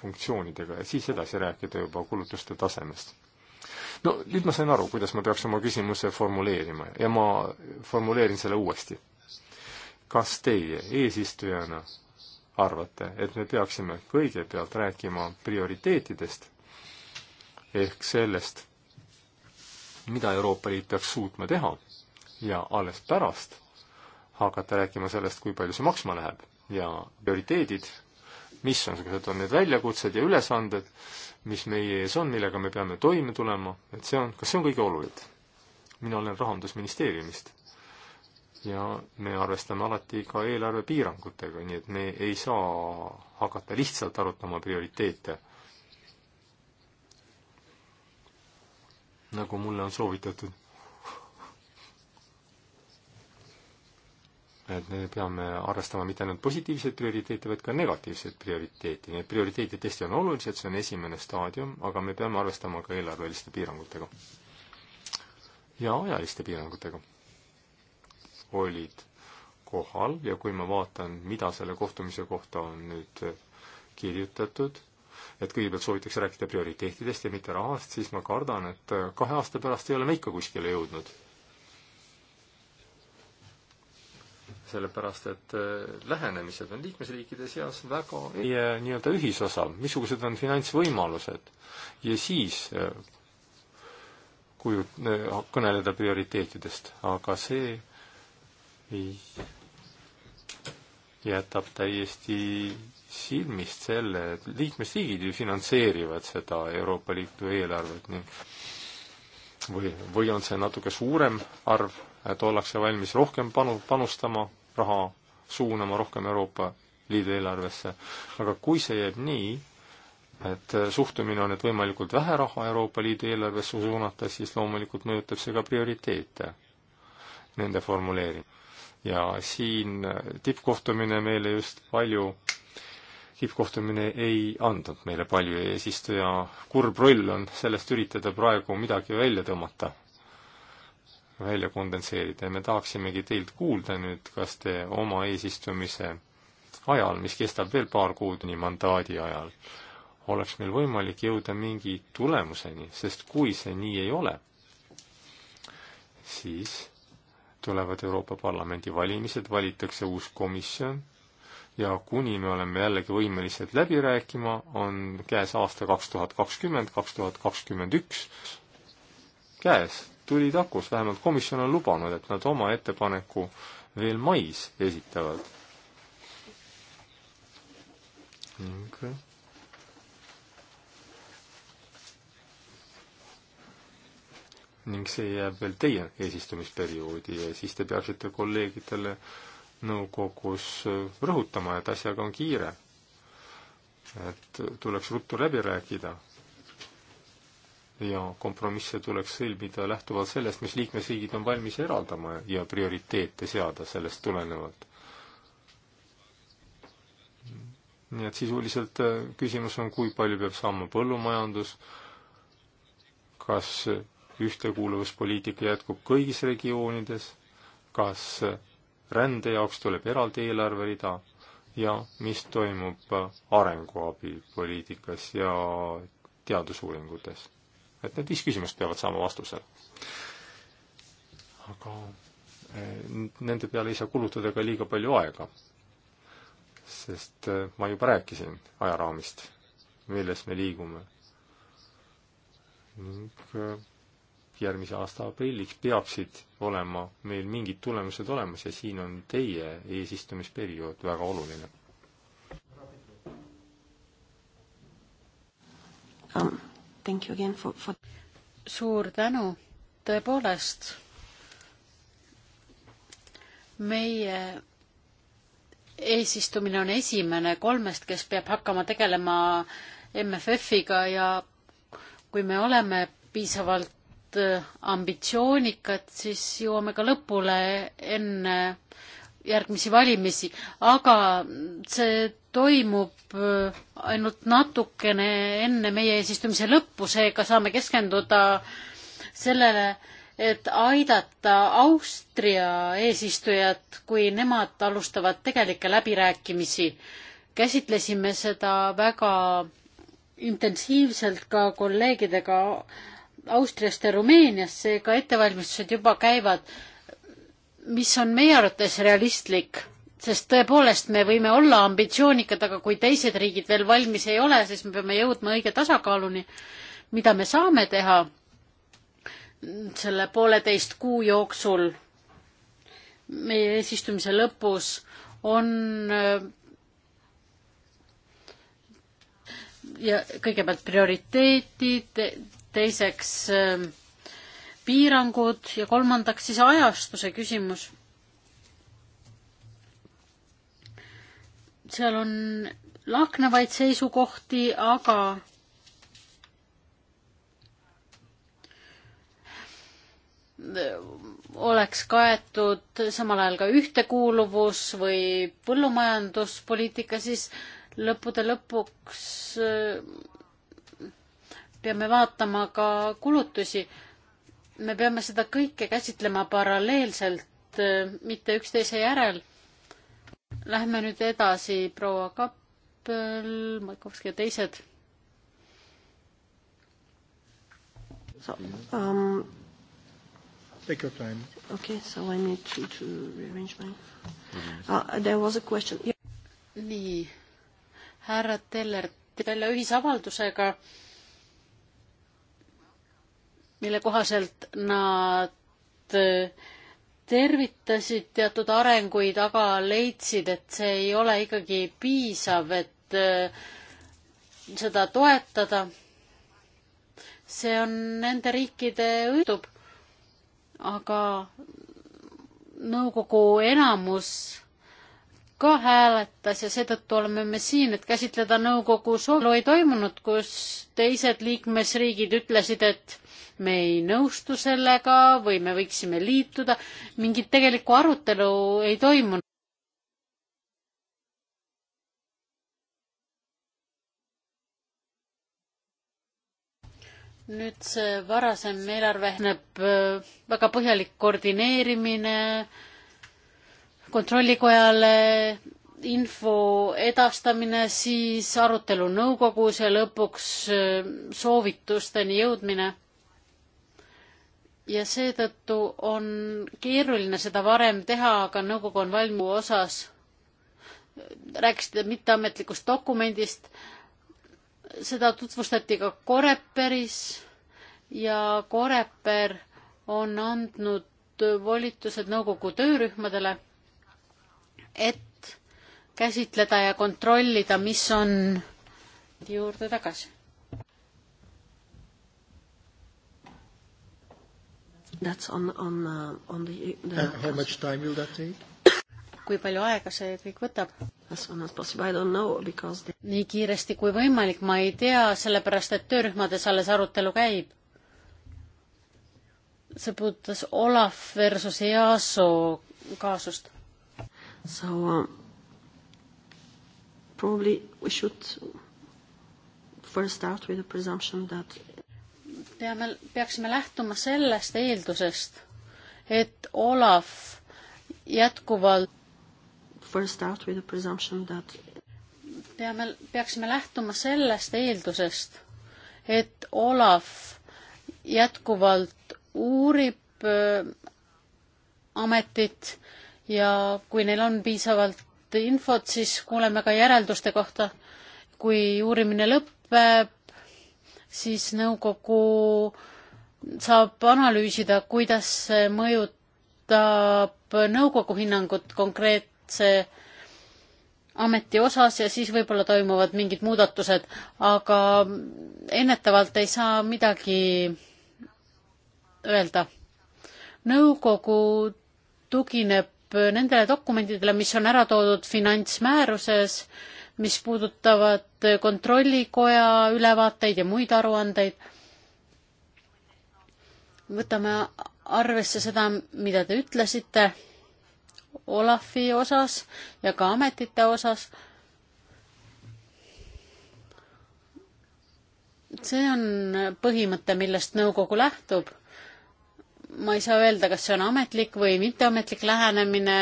funktsioonidega ja siis edasi rääkida juba kulutuste tasemest. no nüüd ma sain aru, kuidas ma peaks oma küsimuse formuleerima ja ma formuleerin selle uuesti kas teie eesistujana arvate, et me peaksime kõigepealt rääkima prioriteetidest ehk sellest, mida Euroopa Liit peaks suutma teha ja alles pärast hakata rääkima sellest, kui palju see maksma läheb ja prioriteedid, mis on, on need väljakutsed ja ülesanded, mis meie ees on, millega me peame toime tulema, et see on, kas see on kõige olulisem? mina olen Rahandusministeeriumist ja me arvestame alati ka eelarvepiirangutega, nii et me ei saa hakata lihtsalt arutama prioriteete. nagu mulle on soovitatud. et me peame arvestama mitte ainult positiivseid prioriteete, vaid ka negatiivseid prioriteete, nii et prioriteedid tõesti on olulised, see on esimene staadium, aga me peame arvestama ka eelarveliste piirangutega. ja ajaliste piirangutega olid kohal ja kui ma vaatan, mida selle kohtumise kohta on nüüd kirjutatud, et kõigepealt soovitakse rääkida prioriteetidest ja mitte rahast, siis ma kardan, et kahe aasta pärast ei ole me ikka kuskile jõudnud. sellepärast, et äh, lähenemised on liikmesriikide seas väga nii-öelda ühisosa, missugused on finantsvõimalused ja siis äh, kui äh, kõneleda prioriteetidest, aga see jätab täiesti silmist selle, et liikmesriigid ju finantseerivad seda Euroopa Liidu eelarvet ning või, või on see natuke suurem arv, et ollakse valmis rohkem panu, panustama, raha suunama rohkem Euroopa Liidu eelarvesse, aga kui see jääb nii, et suhtumine on, et võimalikult vähe raha Euroopa Liidu eelarvesse suunata, siis loomulikult mõjutab see ka prioriteete, nende formuleerimine ja siin äh, tippkohtumine meile just palju, tippkohtumine ei andnud meile palju ja eesistuja kurb roll on sellest üritada praegu midagi välja tõmmata, välja kondenseerida ja me tahaksimegi teilt kuulda nüüd, kas te oma eesistumise ajal, mis kestab veel paar kuud, nii mandaadi ajal, oleks meil võimalik jõuda mingi tulemuseni, sest kui see nii ei ole, siis tulevad Euroopa Parlamendi valimised, valitakse uus komisjon ja kuni me oleme jällegi võimelised läbi rääkima, on käes aasta kaks tuhat kakskümmend, kaks tuhat kakskümmend üks käes, tuli takus, vähemalt komisjon on lubanud, et nad oma ettepaneku veel mais esitavad. ning ning see jääb veel teie eesistumisperioodi ja siis te peaksite kolleegidele nõukogus rõhutama, et asjaga on kiire. et tuleks ruttu läbi rääkida ja kompromisse tuleks sõlmida lähtuvalt sellest, mis liikmesriigid on valmis eraldama ja prioriteete seada sellest tulenevalt. nii et sisuliselt äh, küsimus on, kui palju peab saama põllumajandus, kas ühtekuuluvuspoliitika jätkub kõigis regioonides, kas rände jaoks tuleb eraldi eelarverida ja mis toimub arenguabipoliitikas ja teadusuuringutes. et need viis küsimust peavad saama vastuse. aga eh, nende peale ei saa kulutada ka liiga palju aega, sest eh, ma juba rääkisin ajaraamist, milles me liigume ning eh, järgmise aasta aprilliks peaksid olema meil mingid tulemused olemas ja siin on teie eesistumisperiood väga oluline um,. For, for... suur tänu, tõepoolest meie eesistumine on esimene kolmest, kes peab hakkama tegelema MFF-iga ja kui me oleme piisavalt Äh, ambitsioonikad, siis jõuame ka lõpule enne järgmisi valimisi, aga see toimub äh, ainult natukene enne meie eesistumise lõppu, seega saame keskenduda sellele, et aidata Austria eesistujat, kui nemad alustavad tegelikke läbirääkimisi. käsitlesime seda väga intensiivselt ka kolleegidega Austriast ja Rumeeniast, seega ettevalmistused juba käivad, mis on meie arvates realistlik, sest tõepoolest me võime olla ambitsioonikad, aga kui teised riigid veel valmis ei ole, siis me peame jõudma õige tasakaaluni, mida me saame teha selle pooleteist kuu jooksul meie eesistumise lõpus on ja kõigepealt prioriteetid, teiseks ähm, piirangud ja kolmandaks siis ajastuse küsimus. seal on lahknevaid seisukohti, aga oleks kaetud samal ajal ka ühtekuuluvus või põllumajanduspoliitika, siis lõppude lõpuks peame vaatama ka kulutusi. me peame seda kõike käsitlema paralleelselt, äh, mitte üksteise järel. Lähme nüüd edasi, proua Kappel, Maikovski ja teised. Um, Take your time. Okay, so I need to, to rearrange my... Uh, there was a question yeah.. nii, härra Teller, välja ühisavaldusega mille kohaselt nad äh, tervitasid teatud arenguid, aga leidsid, et see ei ole ikkagi piisav, et äh, seda toetada. see on nende riikide õitub, aga nõukogu enamus ka hääletas ja seetõttu oleme me siin, et käsitleda nõukogu soolu ei toimunud, kus teised liikmesriigid ütlesid, et me ei nõustu sellega või me võiksime liituda. mingit tegelikku arutelu ei toimunud. nüüd see varasem eelarve näeb äh, väga põhjalik koordineerimine kontrollikojale info edastamine, siis arutelu nõukogus ja lõpuks äh, soovitusteni jõudmine ja seetõttu on keeruline seda varem teha, aga nõukogu on valmiu osas, rääkisite mitteametlikust dokumendist, seda tutvustati ka Koreperis ja Koreper on andnud volitused nõukogu töörühmadele, et käsitleda ja kontrollida, mis on juurde tagasi That's on, on, uh, on the, the And how much time will that take? kui palju aega see kõik võtab? They... nii kiiresti kui võimalik, ma ei tea, sellepärast et töörühmades alles arutelu käib. see puudutas Olav versus EASO kaasust. So um, probably we should first start with the presumption that peame, peaksime lähtuma sellest eeldusest, et Olav jätkuvalt First out with the presumption that peame, peaksime lähtuma sellest eeldusest, et Olav jätkuvalt uurib äh, ametit ja kui neil on piisavalt infot, siis kuuleme ka järelduste kohta. kui uurimine lõpeb, siis nõukogu saab analüüsida, kuidas see mõjutab nõukogu hinnangut konkreetse ameti osas ja siis võib-olla toimuvad mingid muudatused, aga ennetavalt ei saa midagi öelda. nõukogu tugineb nendele dokumentidele, mis on ära toodud finantsmääruses äh, mis puudutavad kontrollikoja ülevaateid ja muid aruandeid. võtame arvesse seda, mida te ütlesite Olafi osas ja ka ametite osas. see on põhimõte, millest nõukogu lähtub. ma ei saa öelda, kas see on ametlik või mitteametlik lähenemine,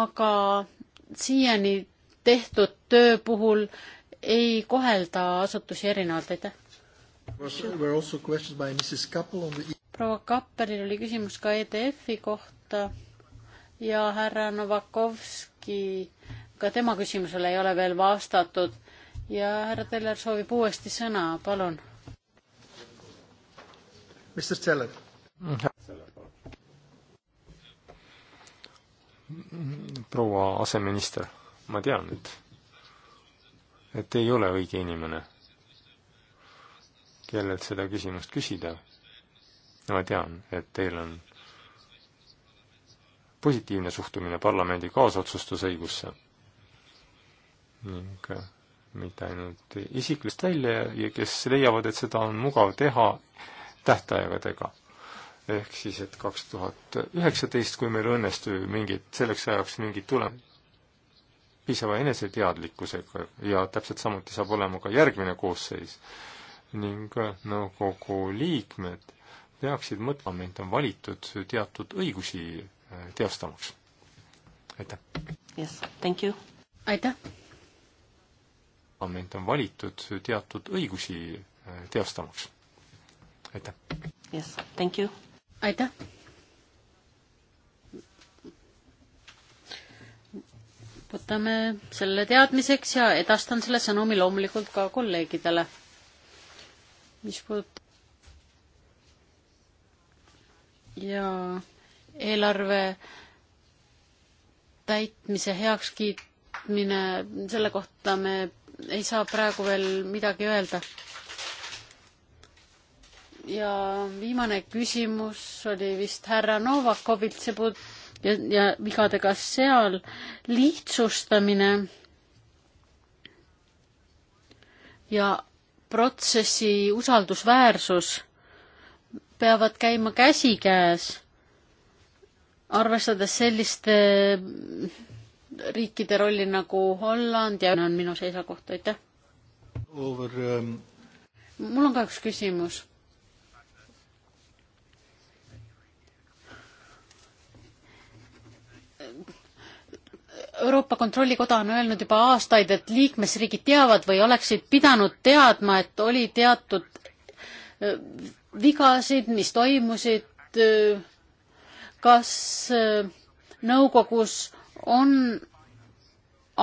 aga siiani tehtud töö puhul ei kohelda asutusi erinevalt, aitäh. proua Kapperil oli küsimus ka EDF-i kohta ja härra Novakovski, ka tema küsimusele ei ole veel vastatud ja härra Teller soovib uuesti sõna, palun. proua aseminister, ma tean, et, et te ei ole õige inimene, kellelt seda küsimust küsida. ma tean, et teil on positiivne suhtumine parlamendi kaasotsustusõigusse ning mitte ainult isiklist välja ja kes leiavad, et seda on mugav teha tähtaegadega ehk siis, et kaks tuhat üheksateist, kui meil õnnestub mingit, selleks ajaks mingit tule-, piisava eneseteadlikkusega ja täpselt samuti saab olema ka järgmine koosseis ning äh, nõukogu no, liikmed peaksid mõtlema, meid on valitud teatud õigusi äh, teostamaks. aitäh! Yes, thank you! aitäh! meid on valitud teatud õigusi äh, teostamaks. aitäh! Yes, thank you! aitäh. võtame selle teadmiseks ja edastan selle sõnumi loomulikult ka kolleegidele. mis puudutab ja eelarve täitmise heakskiitmine, selle kohta me ei saa praegu veel midagi öelda ja viimane küsimus oli vist härra Novakovilt, see puud- ja, ja vigadega seal lihtsustamine ja protsessi usaldusväärsus peavad käima käsikäes, arvestades selliste riikide rolli nagu Holland ja on minu seisukoht, aitäh. Um... mul on ka üks küsimus Euroopa Kontrollikoda on öelnud juba aastaid, et liikmesriigid teavad või oleksid pidanud teadma, et oli teatud vigasid, mis toimusid. kas nõukogus on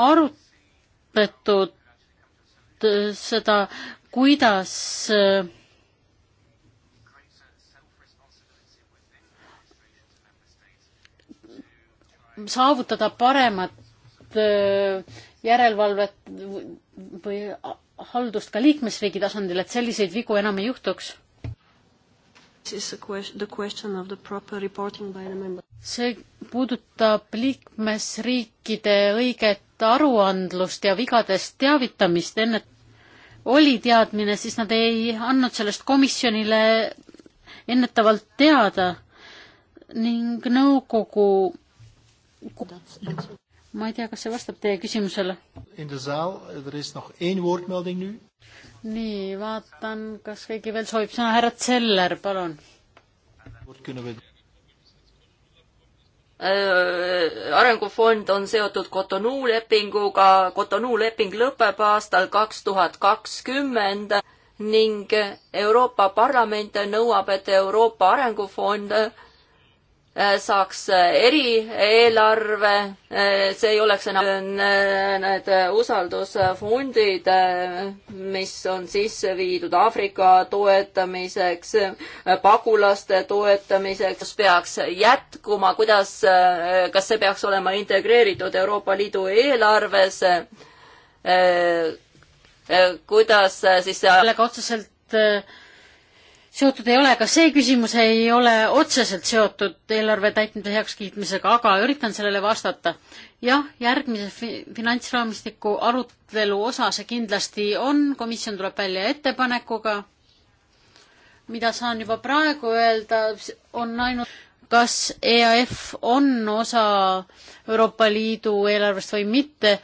arutletud seda, kuidas saavutada paremat Äh, järelevalvet või haldust ka liikmesriigi tasandil, et selliseid vigu enam ei juhtuks? see puudutab liikmesriikide õiget aruandlust ja vigadest teavitamist, enne oli teadmine, siis nad ei andnud sellest komisjonile ennetavalt teada ning nõukogu ma ei tea, kas see vastab teie küsimusele? Er nii, vaatan, kas keegi veel soovib sõna, härra Zeller, palun. Äh, arengufond on seotud Cotonou lepinguga, Cotonou leping lõpeb aastal kaks tuhat kakskümmend ning Euroopa Parlament nõuab, et Euroopa Arengufond Äh, saaks äh, erieelarve, äh, see ei oleks enam need usaldusfondid, mis on sisse viidud Aafrika toetamiseks, pagulaste toetamiseks, peaks jätkuma, kuidas, kas see peaks olema integreeritud Euroopa Liidu eelarvesse, kuidas siis sellega otseselt seotud ei ole, ka see küsimus ei ole otseselt seotud eelarve täitmise heakskiitmisega, aga üritan sellele vastata. jah, järgmise fi finantsraamistiku arutelu osa see kindlasti on, komisjon tuleb välja ettepanekuga, mida saan juba praegu öelda, on ainult kas EAF on osa Euroopa Liidu eelarvest või mitte.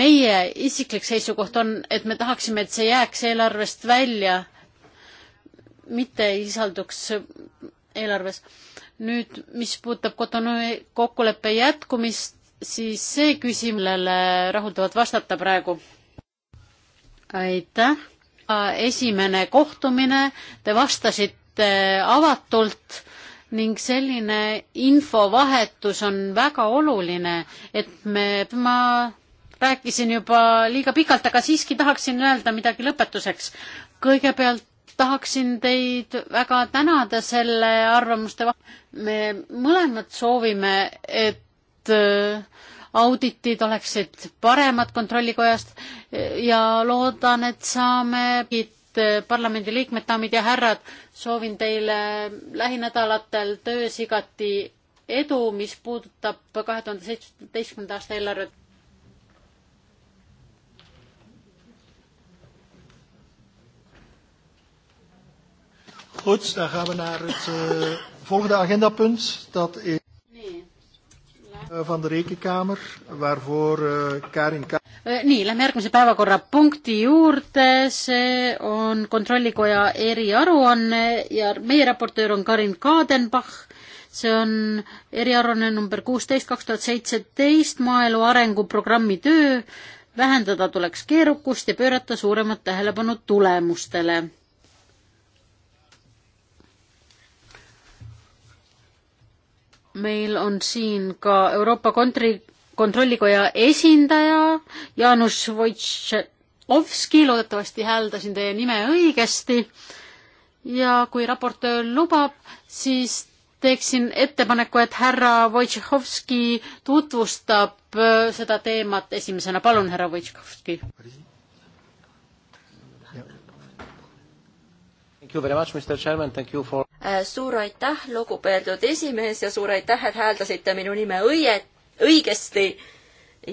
meie isiklik seisukoht on, et me tahaksime, et see jääks eelarvest välja mitte ei sisalduks eelarves. nüüd, mis puudutab Cotonou kokkuleppe jätkumist, siis see küsimusele rahuldavalt vastata praegu. aitäh. esimene kohtumine, te vastasite avatult ning selline infovahetus on väga oluline, et me, ma rääkisin juba liiga pikalt, aga siiski tahaksin öelda midagi lõpetuseks. kõigepealt tahaksin teid väga tänada selle arvamuste va-, me mõlemad soovime, et äh, auditid oleksid paremad Kontrollikojast äh, ja loodan, et saame äh, parlamendi liikmed, daamid ja härrad, soovin teile lähinädalatel töös igati edu, mis puudutab kahe tuhande seitsmeteistkümnenda aasta eelarvet. Goed, dan gaan we naar het uh, volgende agendapunt. Dat is nee. uh, van de Rekenkamer, waarvoor uh, Karin Ka- uh,. nii, lähme järgmise päevakorrapunkti juurde, see on Kontrollikoja eriaruanne ja meie raportöör on Karin Kadenbach. see on eriaruanne number kuusteist, kaks tuhat seitseteist, maaelu arenguprogrammi töö. vähendada tuleks keerukust ja pöörata suuremat tähelepanu tulemustele meil on siin ka Euroopa kontri-, kontrollikoja esindaja Jaanus Wojtšovski, loodetavasti hääldasin teie nime õigesti. ja kui raportöör lubab, siis teeksin ettepaneku, et härra Wojtšovski tutvustab äh, seda teemat esimesena. palun, härra Wojtšovski. Thank you very much, Mr Chairman, thank you for Äh, suur aitäh, lugupeetud esimees ja suur aitäh, et hääldasite minu nime õie, õigesti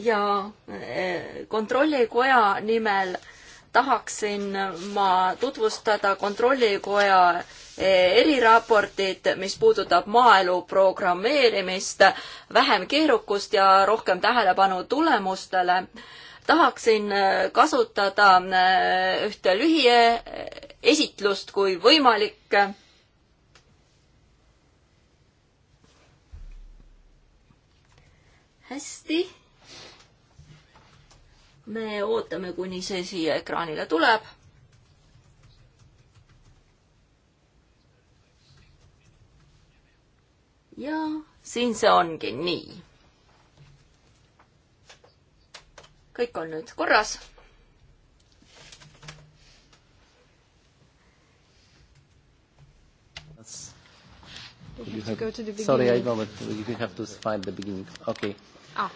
ja äh, kontrollikoja nimel tahaksin ma tutvustada kontrollikoja äh, eriraportit, mis puudutab maaelu programmeerimist, vähem keerukust ja rohkem tähelepanu tulemustele. tahaksin kasutada ühte lühiesitlust, kui võimalik hästi. me ootame, kuni see siia ekraanile tuleb. ja siin see ongi nii. kõik on nüüd korras You have to go to the beginning. Sorry, I know, but you have to find the beginning. Okay. Ah.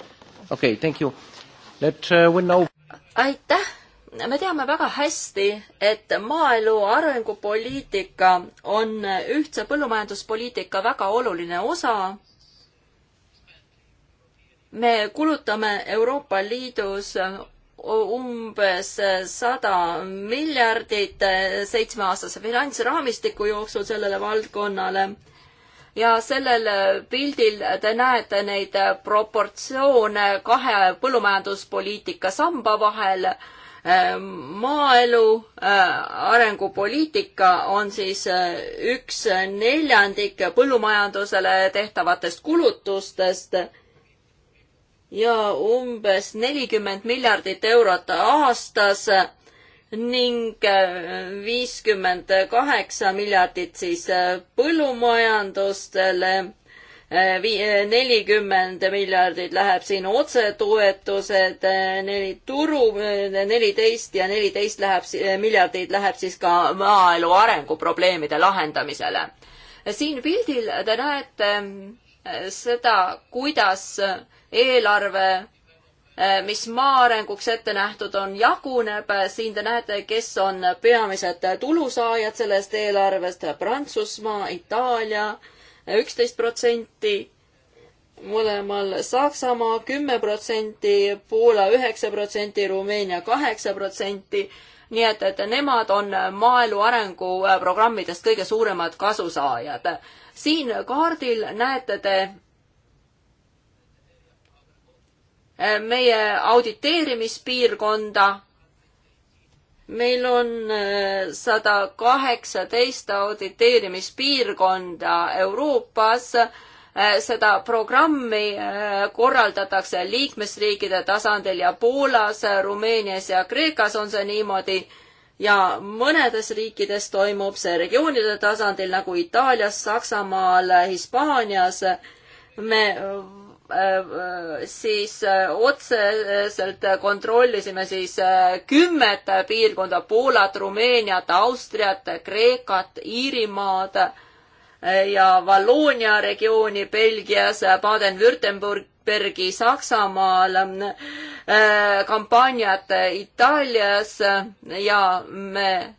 okei, thank you. Let uh, we know. aitäh, me teame väga hästi, et maaelu arengupoliitika on ühtse põllumajanduspoliitika väga oluline osa. me kulutame Euroopa Liidus umbes sada miljardit seitsmeaastase finantsraamistiku jooksul sellele valdkonnale ja sellel pildil te näete neid proportsioone kahe põllumajanduspoliitika samba vahel. Ähm, maaelu äh, arengupoliitika on siis äh, üks neljandik põllumajandusele tehtavatest kulutustest ja umbes nelikümmend miljardit eurot aastas ning äh, viiskümmend kaheksa miljardit siis äh, põllumajandustele, äh, nelikümmend miljardit läheb siin otsetoetused, neli turu, neliteist ja neliteist läheb, miljardit läheb siis ka maaelu arenguprobleemide lahendamisele. siin pildil te näete seda, kuidas eelarve Eh, mis maaarenguks ette nähtud on, jaguneb, siin te näete, kes on peamised tulusaajad sellest eelarvest, Prantsusmaa, Itaalia, üksteist protsenti, mõlemal Saksamaa kümme protsenti, Poola üheksa protsenti, Rumeenia kaheksa protsenti, nii et, et nemad on maaelu arenguprogrammidest kõige suuremad kasusaajad. siin kaardil näete te meie auditeerimispiirkonda. meil on äh, sada kaheksateist auditeerimispiirkonda Euroopas. Äh, seda programmi äh, korraldatakse liikmesriikide tasandil ja Poolas, Rumeenias ja Kreekas on see niimoodi ja mõnedes riikides toimub see regioonide tasandil nagu Itaalias, Saksamaal, Hispaanias. me siis äh, otseselt kontrollisime siis äh, kümmet piirkonda Poolat, Rumeeniat, Austriat, Kreekat, Iirimaad äh, ja Valloonia regiooni Belgias, Baden-Württembergi, Saksamaal, kampaaniat Itaalias ja me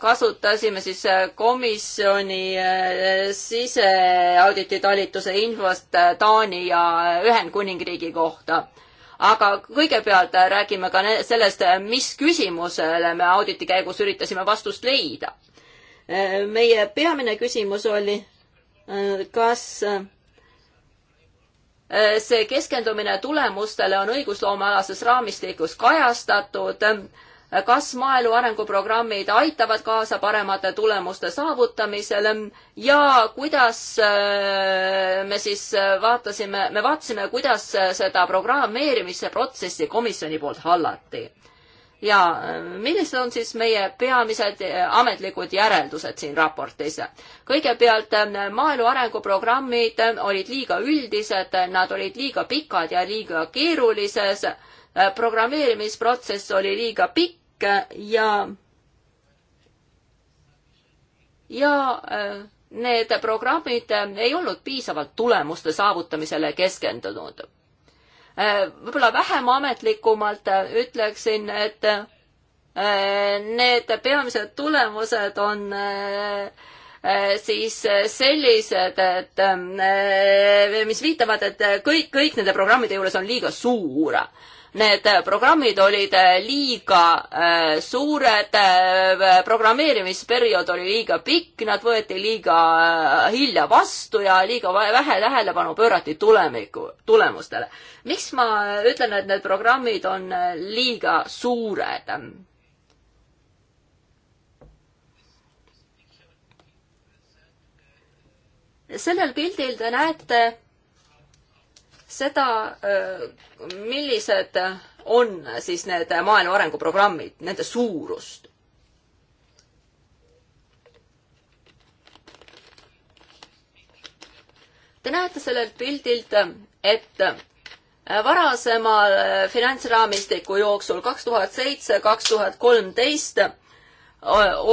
kasutasime siis äh, komisjoni äh, siseauditi talituse infost äh, Taani ja Ühendkuningriigi kohta. aga kõigepealt räägime ka sellest, mis küsimusele me auditi käigus üritasime vastust leida. meie peamine küsimus oli, kas see keskendumine tulemustele on õigusloomealases raamistikus kajastatud kas maaelu arenguprogrammid aitavad kaasa paremate tulemuste saavutamisele ja kuidas äh, me siis äh, vaatasime, me vaatasime, kuidas äh, seda programmeerimise protsessi komisjoni poolt hallati ja millised on siis meie peamised ametlikud järeldused siin raportis? kõigepealt maaelu arenguprogrammid olid liiga üldised, nad olid liiga pikad ja liiga keerulises. programmeerimisprotsess oli liiga pikk ja, ja äh, need programmid äh, ei olnud piisavalt tulemuste saavutamisele keskendunud. Äh, võib-olla vähem ametlikumalt ütleksin, et need peamised tulemused on siis sellised, et mis viitavad, et kõik, kõik nende programmide juures on liiga suur. Need programmid olid äh, liiga äh, suured, äh, programmeerimisperiood oli liiga pikk, nad võeti liiga hilja vastu ja liiga vähe tähelepanu pöörati tulemiku, tulemustele. miks ma ütlen, et need programmid on liiga suured? sellel pildil te näete seda, millised on siis need maailma arenguprogrammid, nende suurust. Te näete sellelt pildilt, et varasema finantsraamistiku jooksul kaks tuhat seitse, kaks tuhat kolmteist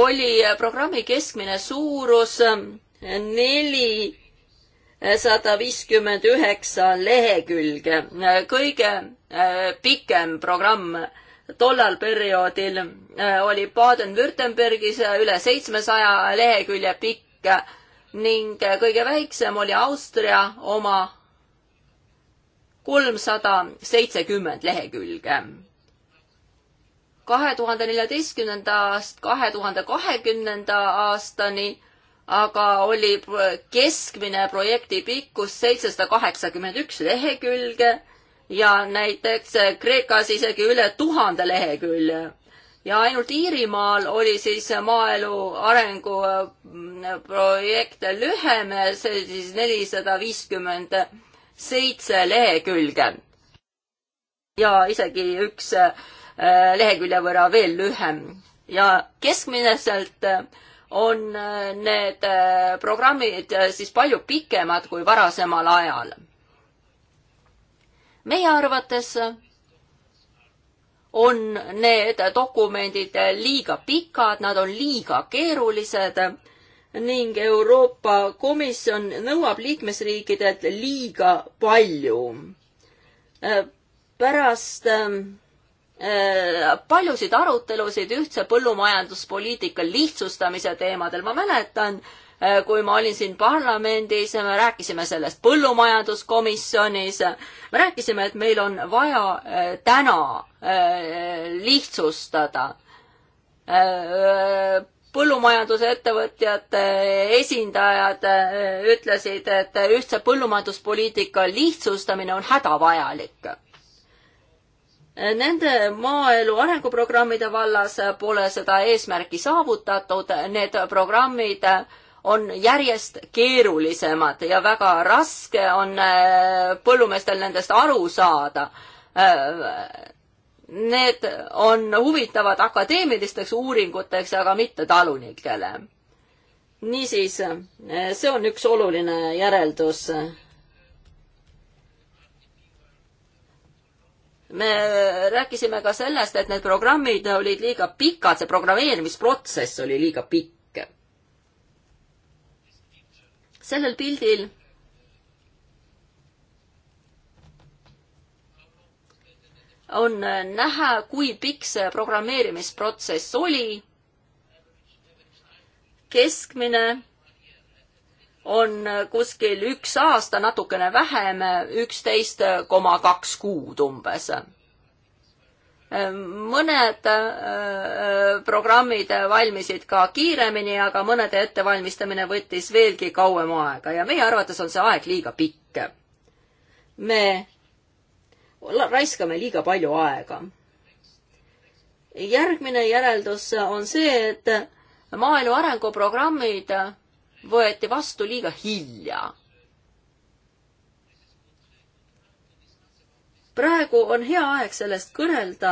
oli programmi keskmine suurus neli sada viiskümmend üheksa lehekülge, kõige äh, pikem programm tollal perioodil äh, oli Baden-Württembergis äh, üle seitsmesaja lehekülje pikk ning kõige väiksem oli Austria oma kolmsada seitsekümmend lehekülge. kahe tuhande neljateistkümnenda aast kahe tuhande kahekümnenda aastani aga oli keskmine projekti pikkus seitsesada kaheksakümmend üks lehekülge ja näiteks Kreekas isegi üle tuhande lehekülje. ja ainult Iirimaal oli siis maaelu arenguprojekt mm, lühem, see siis nelisada viiskümmend seitse lehekülge. ja isegi üks äh, lehekülje võrra veel lühem ja keskmiselt äh, on äh, need äh, programmid äh, siis palju pikemad kui varasemal ajal. meie arvates on need dokumendid liiga pikad, nad on liiga keerulised ning Euroopa Komisjon nõuab liikmesriikidelt liiga palju. pärast ähm, Äh, paljusid arutelusid ühtse põllumajanduspoliitika lihtsustamise teemadel, ma mäletan, äh, kui ma olin siin parlamendis, me rääkisime sellest põllumajanduskomisjonis, me rääkisime, et meil on vaja äh, täna lihtsustada põllumajandusettevõtjate esindajad ütlesid, et ühtse põllumajanduspoliitika lihtsustamine on hädavajalik Nende maaelu arenguprogrammide vallas pole seda eesmärki saavutatud, need programmid on järjest keerulisemad ja väga raske on äh, põllumeestel nendest aru saada. Äh, need on huvitavad akadeemilisteks uuringuteks, aga mitte talunikele. niisiis, äh, see on üks oluline järeldus me rääkisime ka sellest, et need programmid olid liiga pikad, see programmeerimisprotsess oli liiga pikk. sellel pildil on näha, kui pikk see programmeerimisprotsess oli. keskmine on kuskil üks aasta natukene vähem, üksteist koma kaks kuud umbes mõned äh, äh, programmid valmisid ka kiiremini, aga mõnede ettevalmistamine võttis veelgi kauem aega ja meie arvates on see aeg liiga pikk. me raiskame liiga palju aega. järgmine järeldus on see, et maaelu arenguprogrammid võeti vastu liiga hilja. praegu on hea aeg sellest kõnelda,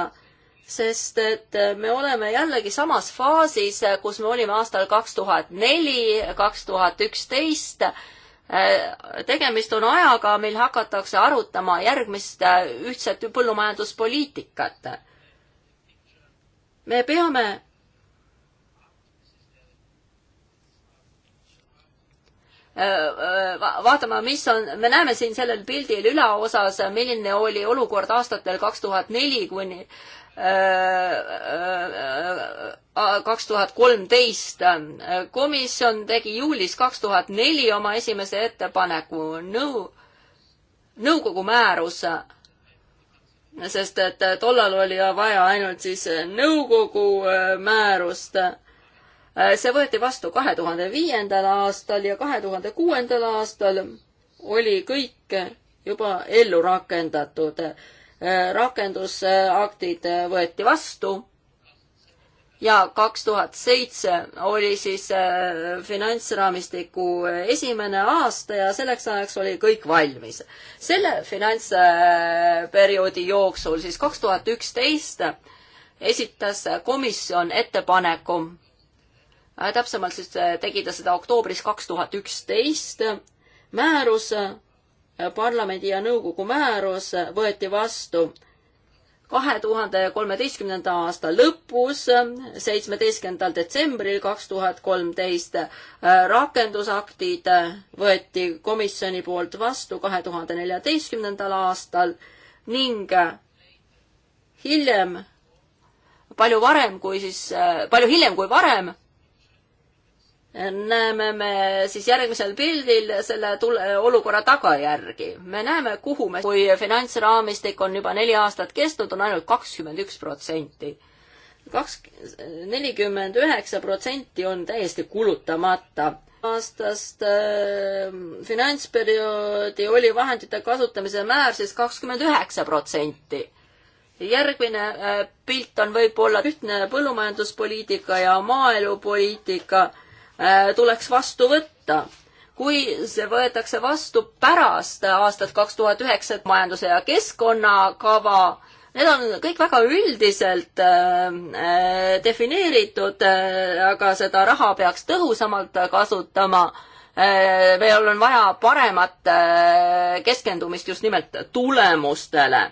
sest et me oleme jällegi samas faasis, kus me olime aastal kaks tuhat neli, kaks tuhat üksteist tegemist on ajaga, mil hakatakse arutama järgmist ühtset põllumajanduspoliitikat. me peame Äh, vaatama, mis on, me näeme siin sellel pildil ülaosas, milline oli olukord aastatel kaks tuhat neli kuni äh, äh, kaks tuhat kolmteist. komisjon tegi juulis kaks tuhat neli oma esimese ettepaneku nõu-, nõukogu määrus, sest et tollal oli vaja ainult siis nõukogu määrust Äh, see võeti vastu kahe tuhande viiendal aastal ja kahe tuhande kuuendal aastal oli kõik juba ellu rakendatud. Äh, rakendusaktid võeti vastu ja kaks tuhat seitse oli siis äh, finantsraamistiku esimene aasta ja selleks ajaks oli kõik valmis. selle finantsperioodi jooksul siis kaks tuhat üksteist esitas komisjon ettepaneku Äh, täpsemalt siis äh, tegi ta seda oktoobris kaks tuhat üksteist. määrus, äh, parlamendi ja nõukogu määrus võeti vastu kahe tuhande kolmeteistkümnenda aasta lõpus, seitsmeteistkümnendal detsembril kaks tuhat kolmteist. rakendusaktid võeti komisjoni poolt vastu kahe tuhande neljateistkümnendal aastal ning hiljem, palju varem kui siis, palju hiljem kui varem näeme me siis järgmisel pildil selle tule, olukorra tagajärgi. me näeme, kuhu me, kui finantsraamistik on juba neli aastat kestnud, on ainult kakskümmend üks protsenti. kaks, nelikümmend üheksa protsenti on täiesti kulutamata. aastast äh, finantsperioodi oli vahendite kasutamise määr siis kakskümmend üheksa protsenti järgmine äh, pilt on võib-olla ühtne põllumajanduspoliitika ja maaelupoliitika Äh, tuleks vastu võtta. kui see võetakse vastu pärast aastat kaks tuhat üheksa majanduse ja keskkonnakava, need on kõik väga üldiselt äh, defineeritud äh,, aga seda raha peaks tõhusamalt kasutama äh,. meil on vaja paremat äh, keskendumist just nimelt tulemustele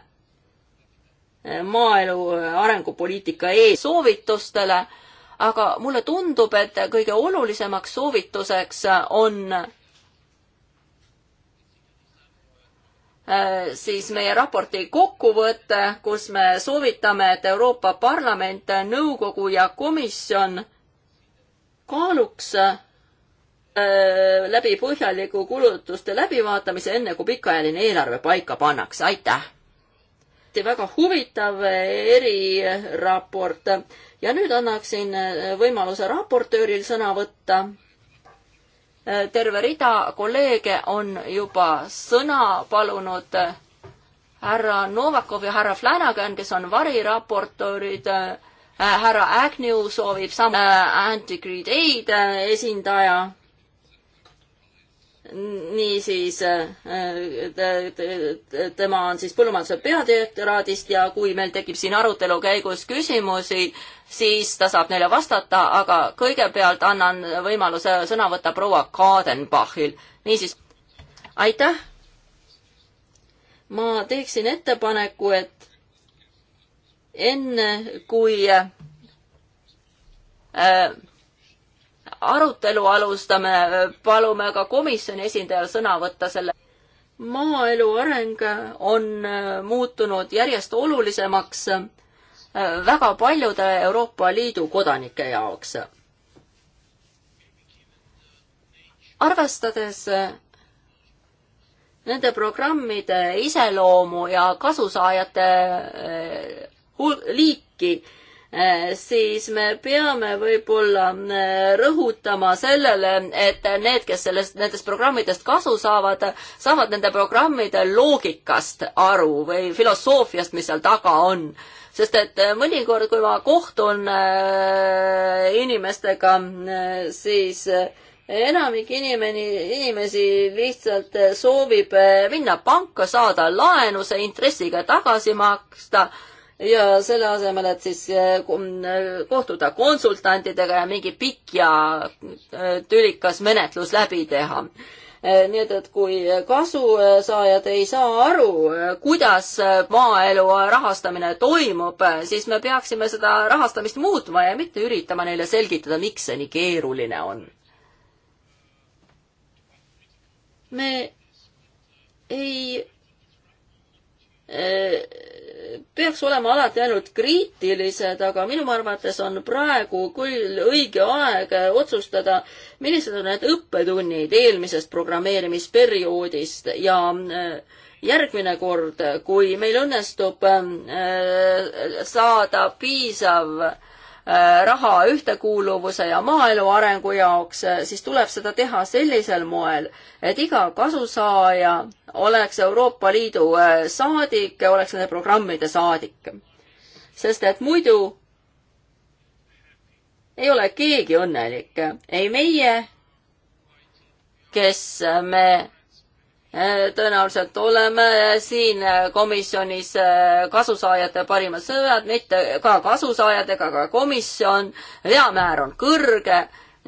äh, maaelu arengupoliitika eessoovitustele aga mulle tundub, et kõige olulisemaks soovituseks on äh, siis meie raporti kokkuvõte, kus me soovitame, et Euroopa Parlament, nõukogu ja komisjon kaaluks äh, läbi põhjaliku kulutuste läbivaatamise, enne kui pikaajaline eelarve paika pannakse, aitäh! tõesti väga huvitav eriraport ja nüüd annaksin võimaluse raportööril sõna võtta. terve rida kolleege on juba sõna palunud. härra Novakov ja härra Flanagan, kes on variraportöörid, härra Agnew soovib samuti Anti-Creed Aid esindaja niisiis äh, äh, tema on siis põllumajanduse peadirektoraadist ja kui meil tekib siin arutelu käigus küsimusi, siis ta saab neile vastata, aga kõigepealt annan võimaluse sõna võtta proua Kadenbachil. niisiis, aitäh. ma teeksin ettepaneku, et enne kui äh, arutelu alustame, palume ka komisjoni esindajal sõna võtta selle. maaelu areng on äh, muutunud järjest olulisemaks äh, väga paljude Euroopa Liidu kodanike jaoks. arvestades äh, nende programmide iseloomu ja kasusaajate liiki, Eh, siis me peame võib-olla eh, rõhutama sellele, et need, kes sellest, nendest programmidest kasu saavad, saavad nende programmide loogikast aru või filosoofiast, mis seal taga on. sest et eh, mõnikord, kui ma kohtun inimestega, siis enamik inimene, inimesi lihtsalt soovib minna panka, saada laenu, see intressiga tagasi maksta ja selle asemel, et siis eh, kohtuda konsultantidega ja mingi pikk ja eh, tülikas menetlus läbi teha eh, nii et, et kui kasusaajad ei saa aru, kuidas maaelu rahastamine toimub, siis me peaksime seda rahastamist muutma ja mitte üritama neile selgitada, miks see nii keeruline on. me ei peaks olema alati ainult kriitilised, aga minu arvates on praegu küll õige aeg otsustada, millised on need õppetunnid eelmisest programmeerimisperioodist ja äh, järgmine kord, kui meil õnnestub äh, saada piisav Äh, raha ühtekuuluvuse ja maaelu arengu jaoks, äh, siis tuleb seda teha sellisel moel, et iga kasusaaja oleks Euroopa Liidu äh, saadik, oleks nende programmide saadik. sest et muidu ei ole keegi õnnelik, ei meie, kes me tõenäoliselt oleme siin komisjonis äh, kasusaajate parimad sõbrad, mitte ka kasusaajad ega ka komisjon, veamäär on kõrge,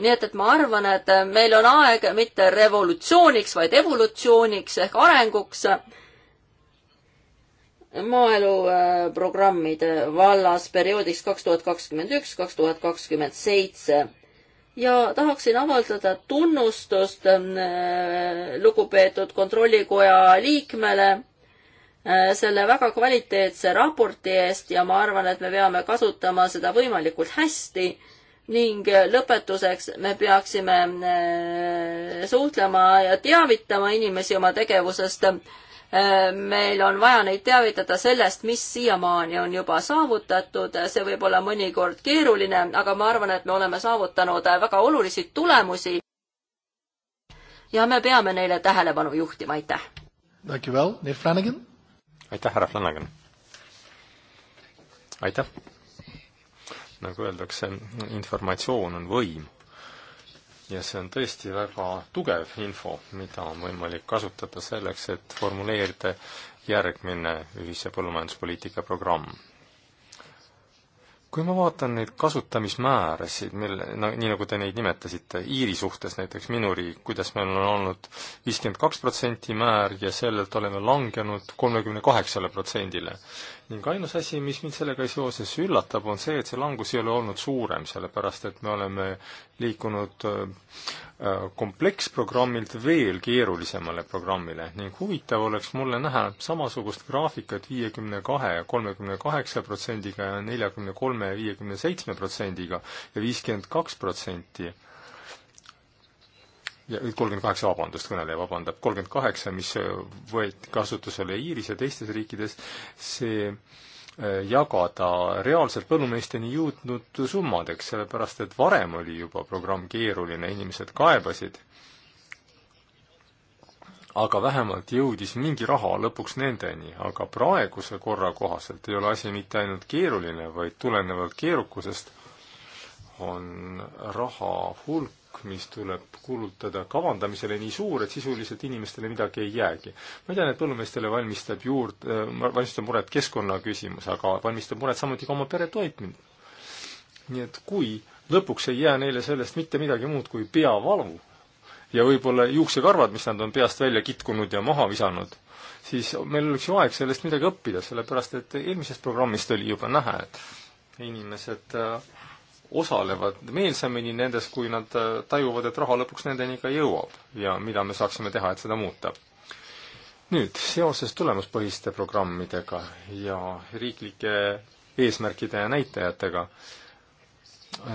nii et, et ma arvan, et meil on aeg mitte revolutsiooniks, vaid evolutsiooniks ehk arenguks maaeluprogrammide vallas perioodiks kaks tuhat kakskümmend üks, kaks tuhat kakskümmend seitse ja tahaksin avaldada tunnustust äh, lugupeetud kontrollikoja liikmele äh, selle väga kvaliteetse raporti eest ja ma arvan, et me peame kasutama seda võimalikult hästi ning lõpetuseks me peaksime äh, suhtlema ja teavitama inimesi oma tegevusest meil on vaja neid teavitada sellest, mis siiamaani on juba saavutatud, see võib olla mõnikord keeruline, aga ma arvan, et me oleme saavutanud väga olulisi tulemusi. ja me peame neile tähelepanu juhtima, aitäh! aitäh, härra Flanagan! aitäh! nagu öeldakse, informatsioon on võim ja see on tõesti väga tugev info, mida on võimalik kasutada selleks, et formuleerida järgmine ühise põllumajanduspoliitika programm. kui ma vaatan neid kasutamismäärasid, mille, no nii, nagu te neid nimetasite, Iiri suhtes näiteks minuri, kuidas meil on olnud viiskümmend kaks protsenti määr ja sellelt oleme langenud kolmekümne kaheksale protsendile ning ainus asi, mis mind sellega seoses üllatab, on see, et see langus ei ole olnud suurem, sellepärast et me oleme liikunud äh, äh, kompleksprogrammilt veel keerulisemale programmile ning huvitav oleks mulle näha samasugust graafikat viiekümne kahe ja kolmekümne kaheksa protsendiga ja neljakümne kolme ja viiekümne seitsme protsendiga ja viiskümmend kaks protsenti ja kolmkümmend kaheksa, vabandust, kõneleja vabandab, kolmkümmend kaheksa, mis võeti kasutusele Iiris ja teistes riikides, see äh, jagada reaalselt põllumeesteni jõudnud summadeks, sellepärast et varem oli juba programm keeruline, inimesed kaebasid, aga vähemalt jõudis mingi raha lõpuks nendeni, aga praeguse korra kohaselt ei ole asi mitte ainult keeruline, vaid tulenevalt keerukusest on raha hulk auk, mis tuleb kulutada kavandamisele, nii suur, et sisuliselt inimestele midagi ei jäägi. ma tean, et põllumeestele valmistab juurde, äh, valmistab muret keskkonnaküsimus, aga valmistab muret samuti ka oma pere toitmine. nii et kui lõpuks ei jää neile sellest mitte midagi muud kui peavalu ja võib-olla juuksekarvad, mis nad on peast välja kitkunud ja maha visanud, siis meil oleks ju aeg sellest midagi õppida, sellepärast et eelmisest programmist oli juba näha, et inimesed äh, osalevad meelsamini nendes, kui nad äh, tajuvad, et raha lõpuks nendeni ka jõuab ja mida me saaksime teha, et seda muuta. nüüd, seoses tulemuspõhiste programmidega ja riiklike eesmärkide ja näitajatega,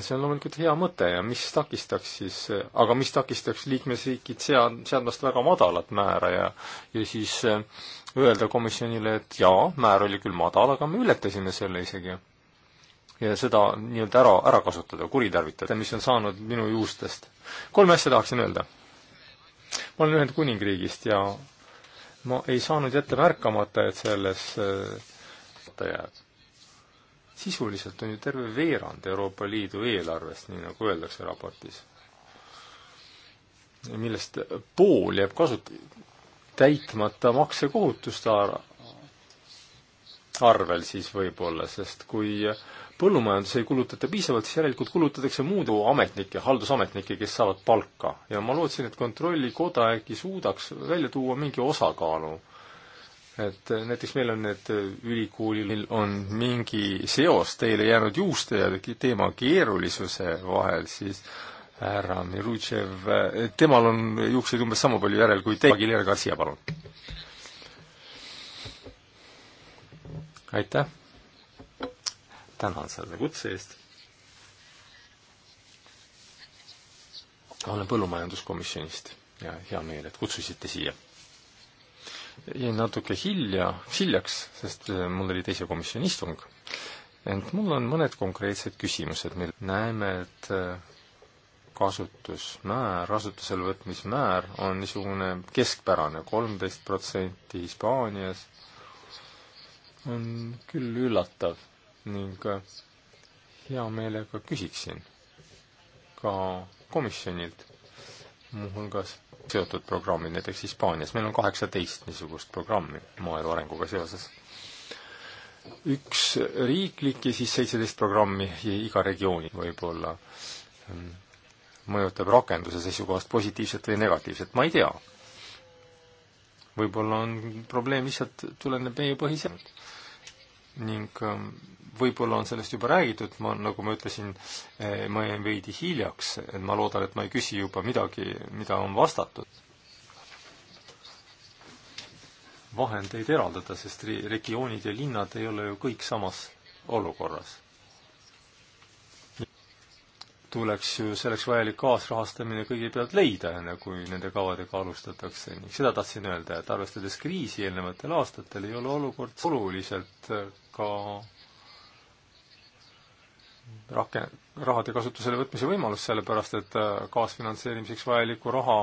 see on loomulikult hea mõte ja mis takistaks siis, aga mis takistaks liikmesriikid sead-, seadmast väga madalat määra ja ja siis äh, öelda komisjonile, et jaa, määr oli küll madal, aga me ületasime selle isegi ja seda nii-öelda ära, ära kasutada, kuritarvitada, mis on saanud minu juustest. kolme asja tahaksin öelda. ma olen Ühendkuningriigist ja ma ei saanud jätta märkamata, et selles ta äh, jääb. sisuliselt on ju terve veerand Euroopa Liidu eelarvest, nii nagu öeldakse raportis, millest pool jääb kasut-, täitmata maksekohutuste arvel siis võib-olla, sest kui põllumajandus ei kulutata piisavalt, siis järelikult kulutatakse muude ametnikke, haldusametnikke, kes saavad palka. ja ma lootsin, et Kontrollikoda äkki suudaks välja tuua mingi osakaalu. et näiteks meil on need ülikoolil on mingi seos teile jäänud juuste ja teema keerulisuse vahel, siis härra Mirutšev, temal on juukseid umbes sama palju järel kui teil, Aguilera Garcia, palun. aitäh tänan selle kutse eest. olen põllumajanduskomisjonist ja hea meel, et kutsusite siia. jäin natuke hilja, hiljaks, sest äh, mul oli teise komisjoni istung, ent mul on mõned konkreetsed küsimused, mil näeme, et äh, kasutusmäär, asutusele võtmismäär on niisugune keskpärane, kolmteist protsenti Hispaanias on küll üllatav ning äh, hea meelega küsiksin ka komisjonilt muuhulgas seotud programmid, näiteks Hispaanias, meil on kaheksateist niisugust programmi maaelu arenguga seoses. üks riiklik ja siis seitseteist programmi iga regiooni võib-olla ähm, mõjutab rakenduse seisukohast positiivselt või negatiivselt, ma ei tea. võib-olla on probleem lihtsalt, tuleneb meie põhiseadusest ning ähm, võib-olla on sellest juba räägitud, ma, nagu ma ütlesin, eh, ma jäin veidi hiljaks, et ma loodan, et ma ei küsi juba midagi, mida on vastatud. vahendeid eraldada, sest regioonid ja linnad ei ole ju kõik samas olukorras. tuleks ju selleks vajalik kaasrahastamine kõigepealt leida, enne kui nende kavadega alustatakse ning seda tahtsin öelda, et arvestades kriisi eelnevatel aastatel ei ole olukord oluliselt eh, ka raken-, rahade kasutusele võtmise võimalus, sellepärast et äh, kaasfinantseerimiseks vajalikku raha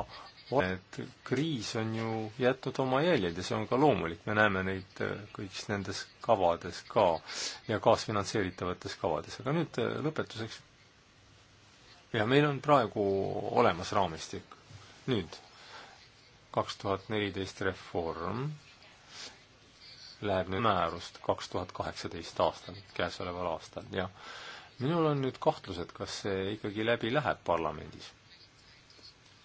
et kriis on ju jätnud oma jäljed ja see on ka loomulik, me näeme neid äh, kõigis nendes kavades ka ja kaasfinantseeritavates kavades, aga nüüd äh, lõpetuseks. ja meil on praegu olemas raamistik, nüüd kaks tuhat neliteist reform läheb nüüd määrust kaks tuhat kaheksateist aastal, käesoleval aastal ja minul on nüüd kahtlus, et kas see ikkagi läbi läheb parlamendis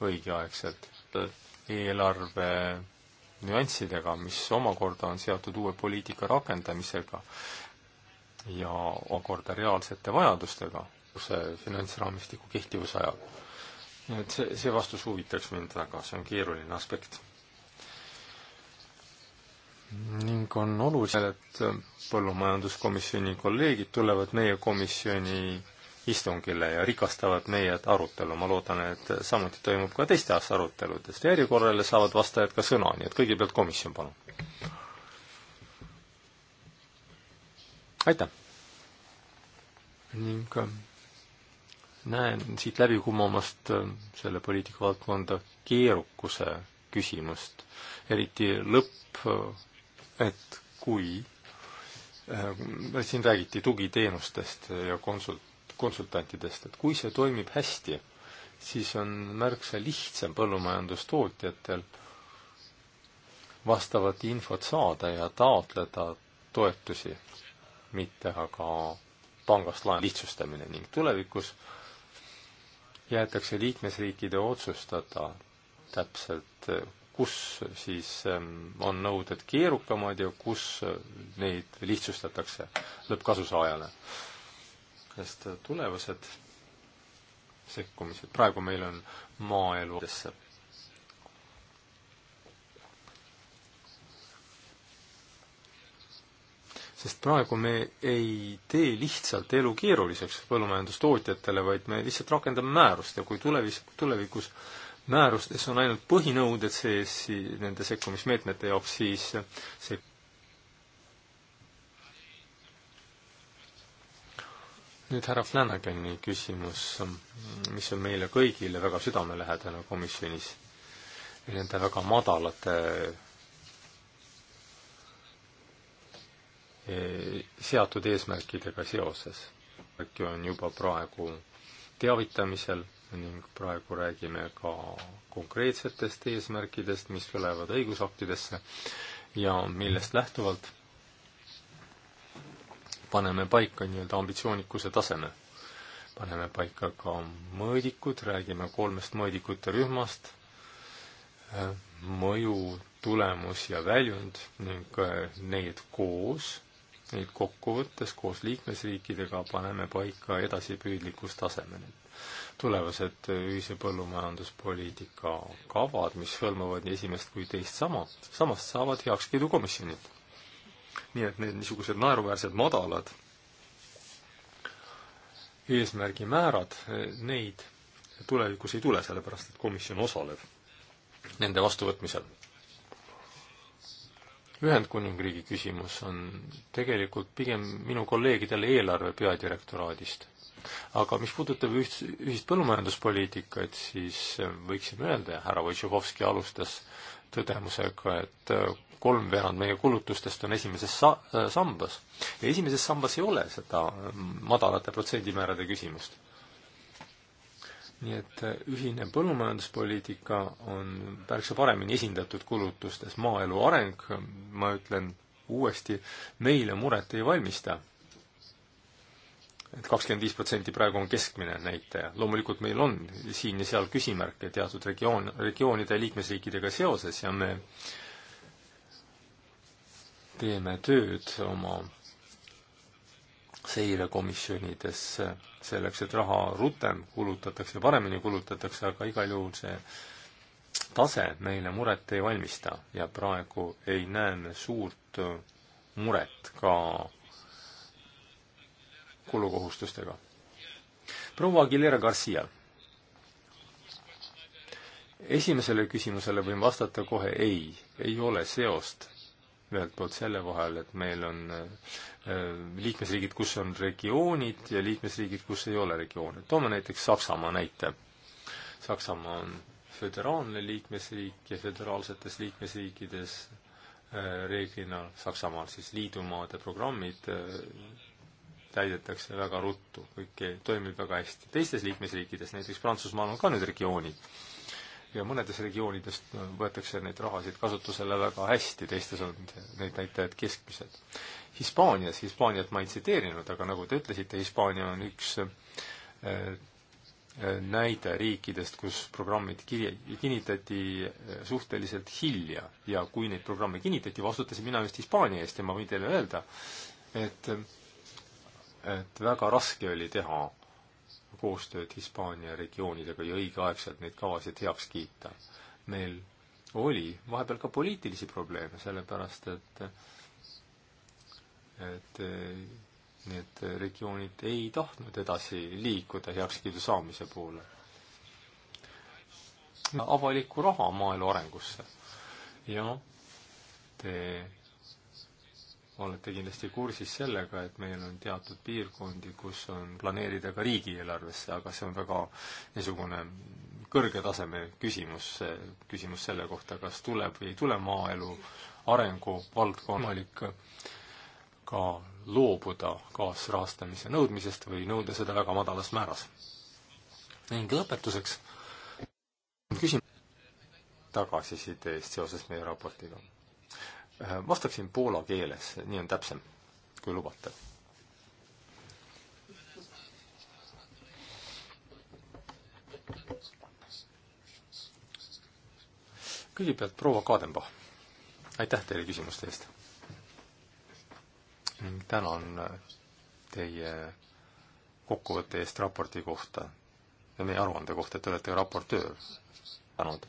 õigeaegselt eelarve nüanssidega, mis omakorda on seotud uue poliitika rakendamisega ja omakorda reaalsete vajadustega, see finantsraamistiku kehtivusajaga. nii et see, see vastus huvitaks mind väga, see on keeruline aspekt ning on oluline, et põllumajanduskomisjoni kolleegid tulevad meie komisjoni istungile ja rikastavad meie arutelu, ma loodan, et samuti toimub ka teistes aruteludest ja erikorrale saavad vastajad ka sõna, nii et kõigepealt komisjon, palun. aitäh! ning ähm, näen siit läbikummamast ähm, selle poliitikavaldkonda keerukuse küsimust, eriti lõpp äh, et kui äh, siin räägiti tugiteenustest ja konsult-, konsultantidest, et kui see toimib hästi, siis on märksa lihtsam põllumajandustootjatel vastavat infot saada ja taotleda toetusi, mitte aga pangast laen lihtsustamine ning tulevikus jäetakse liikmesriikide otsustada täpselt, kus siis ähm, on nõuded keerukamad ja kus neid lihtsustatakse lõppkasusaajale. sest tulevased sekkumised, praegu meil on maaeludesse sest praegu me ei tee lihtsalt elu keeruliseks põllumajandustootjatele, vaid me lihtsalt rakendame määrust ja kui tulevis, tulevikus, tulevikus määrustes on ainult põhinõuded sees nende sekkumismeetmete jaoks, siis see nüüd härra Flanagani küsimus, mis on meile kõigile väga südamelähedane komisjonis, nende väga madalate e, seatud eesmärkidega seoses. äkki on juba praegu teavitamisel ning praegu räägime ka konkreetsetest eesmärkidest, mis tulevad õigusaktidesse ja millest lähtuvalt paneme paika nii-öelda ambitsioonikuse taseme. paneme paika ka mõõdikud, räägime kolmest mõõdikute rühmast, mõju, tulemus ja väljund ning äh, need koos, neid kokkuvõttes koos liikmesriikidega paneme paika edasipüüdlikkustasemeni tulevased ühise põllumajanduspoliitika kavad, mis hõlmavad nii esimest kui teist sama, samast saavad heakskiidu komisjonilt. nii et need niisugused naeruväärsed madalad eesmärgimäärad, neid tulevikus ei tule, sellepärast et komisjon osaleb nende vastuvõtmisel. Ühendkuningriigi küsimus on tegelikult pigem minu kolleegidele eelarve peadirektoraadist. aga mis puudutab ühist, ühist põllumajanduspoliitikat, siis äh, võiksime öelda, härra Wojtšehovski alustas tõdemusega, et äh, kolmveerand meie kulutustest on esimeses sa-, äh, sambas. ja esimeses sambas ei ole seda madalate protsendimäärade küsimust nii et äh, ühine põllumajanduspoliitika on märksa paremini esindatud kulutustes, maaelu areng, ma ütlen uuesti, meile muret ei valmista et kakskümmend viis protsenti praegu on keskmine näitaja. loomulikult meil on siin ja seal küsimärke teatud regioon, regioonide ja liikmesriikidega seoses ja me teeme tööd oma seirekomisjonides selleks, et raha rutem kulutatakse, paremini kulutatakse, aga igal juhul see tase meile muret ei valmista ja praegu ei näe me suurt muret ka kulukohustustega. proua Aguilera Garcia. esimesele küsimusele võin vastata kohe ei, ei ole seost ühelt poolt selle vahel, et meil on äh, liikmesriigid, kus on regioonid ja liikmesriigid, kus ei ole regioone. toome näiteks Saksamaa näite. Saksamaa on föderaalne liikmesriik ja föderaalsetes liikmesriikides äh, reeglina Saksamaal siis liidumaade programmid äh, täidetakse väga ruttu, kõik toimib väga hästi. teistes liikmesriikides, näiteks Prantsusmaal on ka need regioonid ja mõnedes regioonides võetakse neid rahasid kasutusele väga hästi, teistes on need näitajad keskmised. Hispaanias, Hispaaniat ma ei tsiteerinud, aga nagu te ütlesite, Hispaania on üks äh, äh, näide riikidest, kus programmid kir-, kinnitati äh, suhteliselt hilja ja kui neid programme kinnitati, vastutasin mina just Hispaania eest ja ma võin teile öelda, et et väga raske oli teha koostööd Hispaania regioonidega ja õigeaegselt neid kavasid heaks kiita. meil oli vahepeal ka poliitilisi probleeme, sellepärast et, et need regioonid ei tahtnud edasi liikuda heakskiidu saamise poole. avalikku raha maaelu arengusse ja te olete kindlasti kursis sellega, et meil on teatud piirkondi, kus on planeerida ka riigieelarvesse, aga see on väga niisugune kõrge taseme küsimus, küsimus selle kohta, kas tuleb või ei tule maaelu arengu valdkonna võimalik ka loobuda kaasrahastamise nõudmisest või nõuda seda väga madalas määras. ning lõpetuseks küsin tagasiside eest seoses meie raportiga Äh, vastaksin poola keeles, nii on täpsem, kui lubate. kõigepealt proua Kadenbach, aitäh teile küsimuste eest. ning tänan äh, teie kokkuvõtte eest raporti kohta ja meie aruande kohta, et te olete raportöör esitanud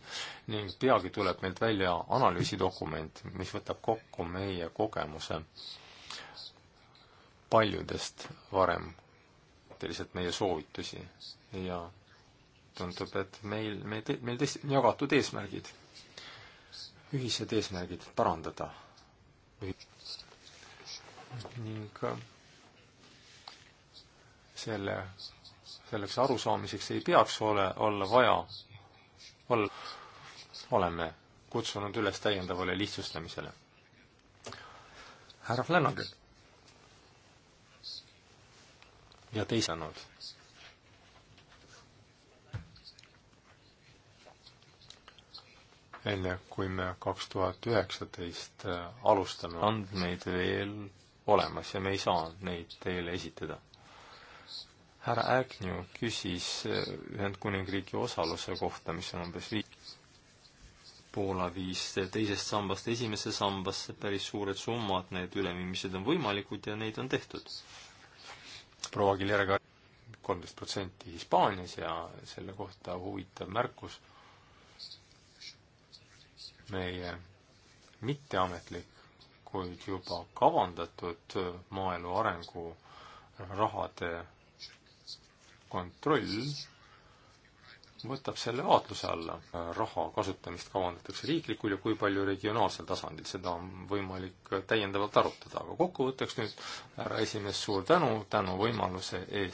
ning peagi tuleb meilt välja analüüsidokument, mis võtab kokku meie kogemuse paljudest varem lihtsalt meie soovitusi ja tundub, et meil, me, meil tõesti on jagatud eesmärgid, ühised eesmärgid parandada ning äh, selle, selleks arusaamiseks ei peaks ole, olla vaja olla. oleme kutsunud üles täiendavale lihtsustamisele. härra Flanagan ja teisanud. enne kui me kaks tuhat üheksateist äh, alustame, andmeid veel olemas ja me ei saa neid teile esitada härra Agnew küsis eh, Ühendkuningriigi osaluse kohta, mis on umbes viis, Poola viis teisest sambast esimesse sambasse päris suured summad, need üleviimised on võimalikud ja neid on tehtud. proua Aguileraga kolmteist protsenti Hispaanias ja selle kohta huvitav märkus, meie mitteametlik, kuid juba kavandatud maaelu arengu rahade kontroll võtab selle vaatluse alla. raha kasutamist kavandatakse riiklikul ja kui palju regionaalsel tasandil, seda on võimalik täiendavalt arutada, aga kokkuvõtteks nüüd, härra esimees, suur tänu, tänu võimaluse eest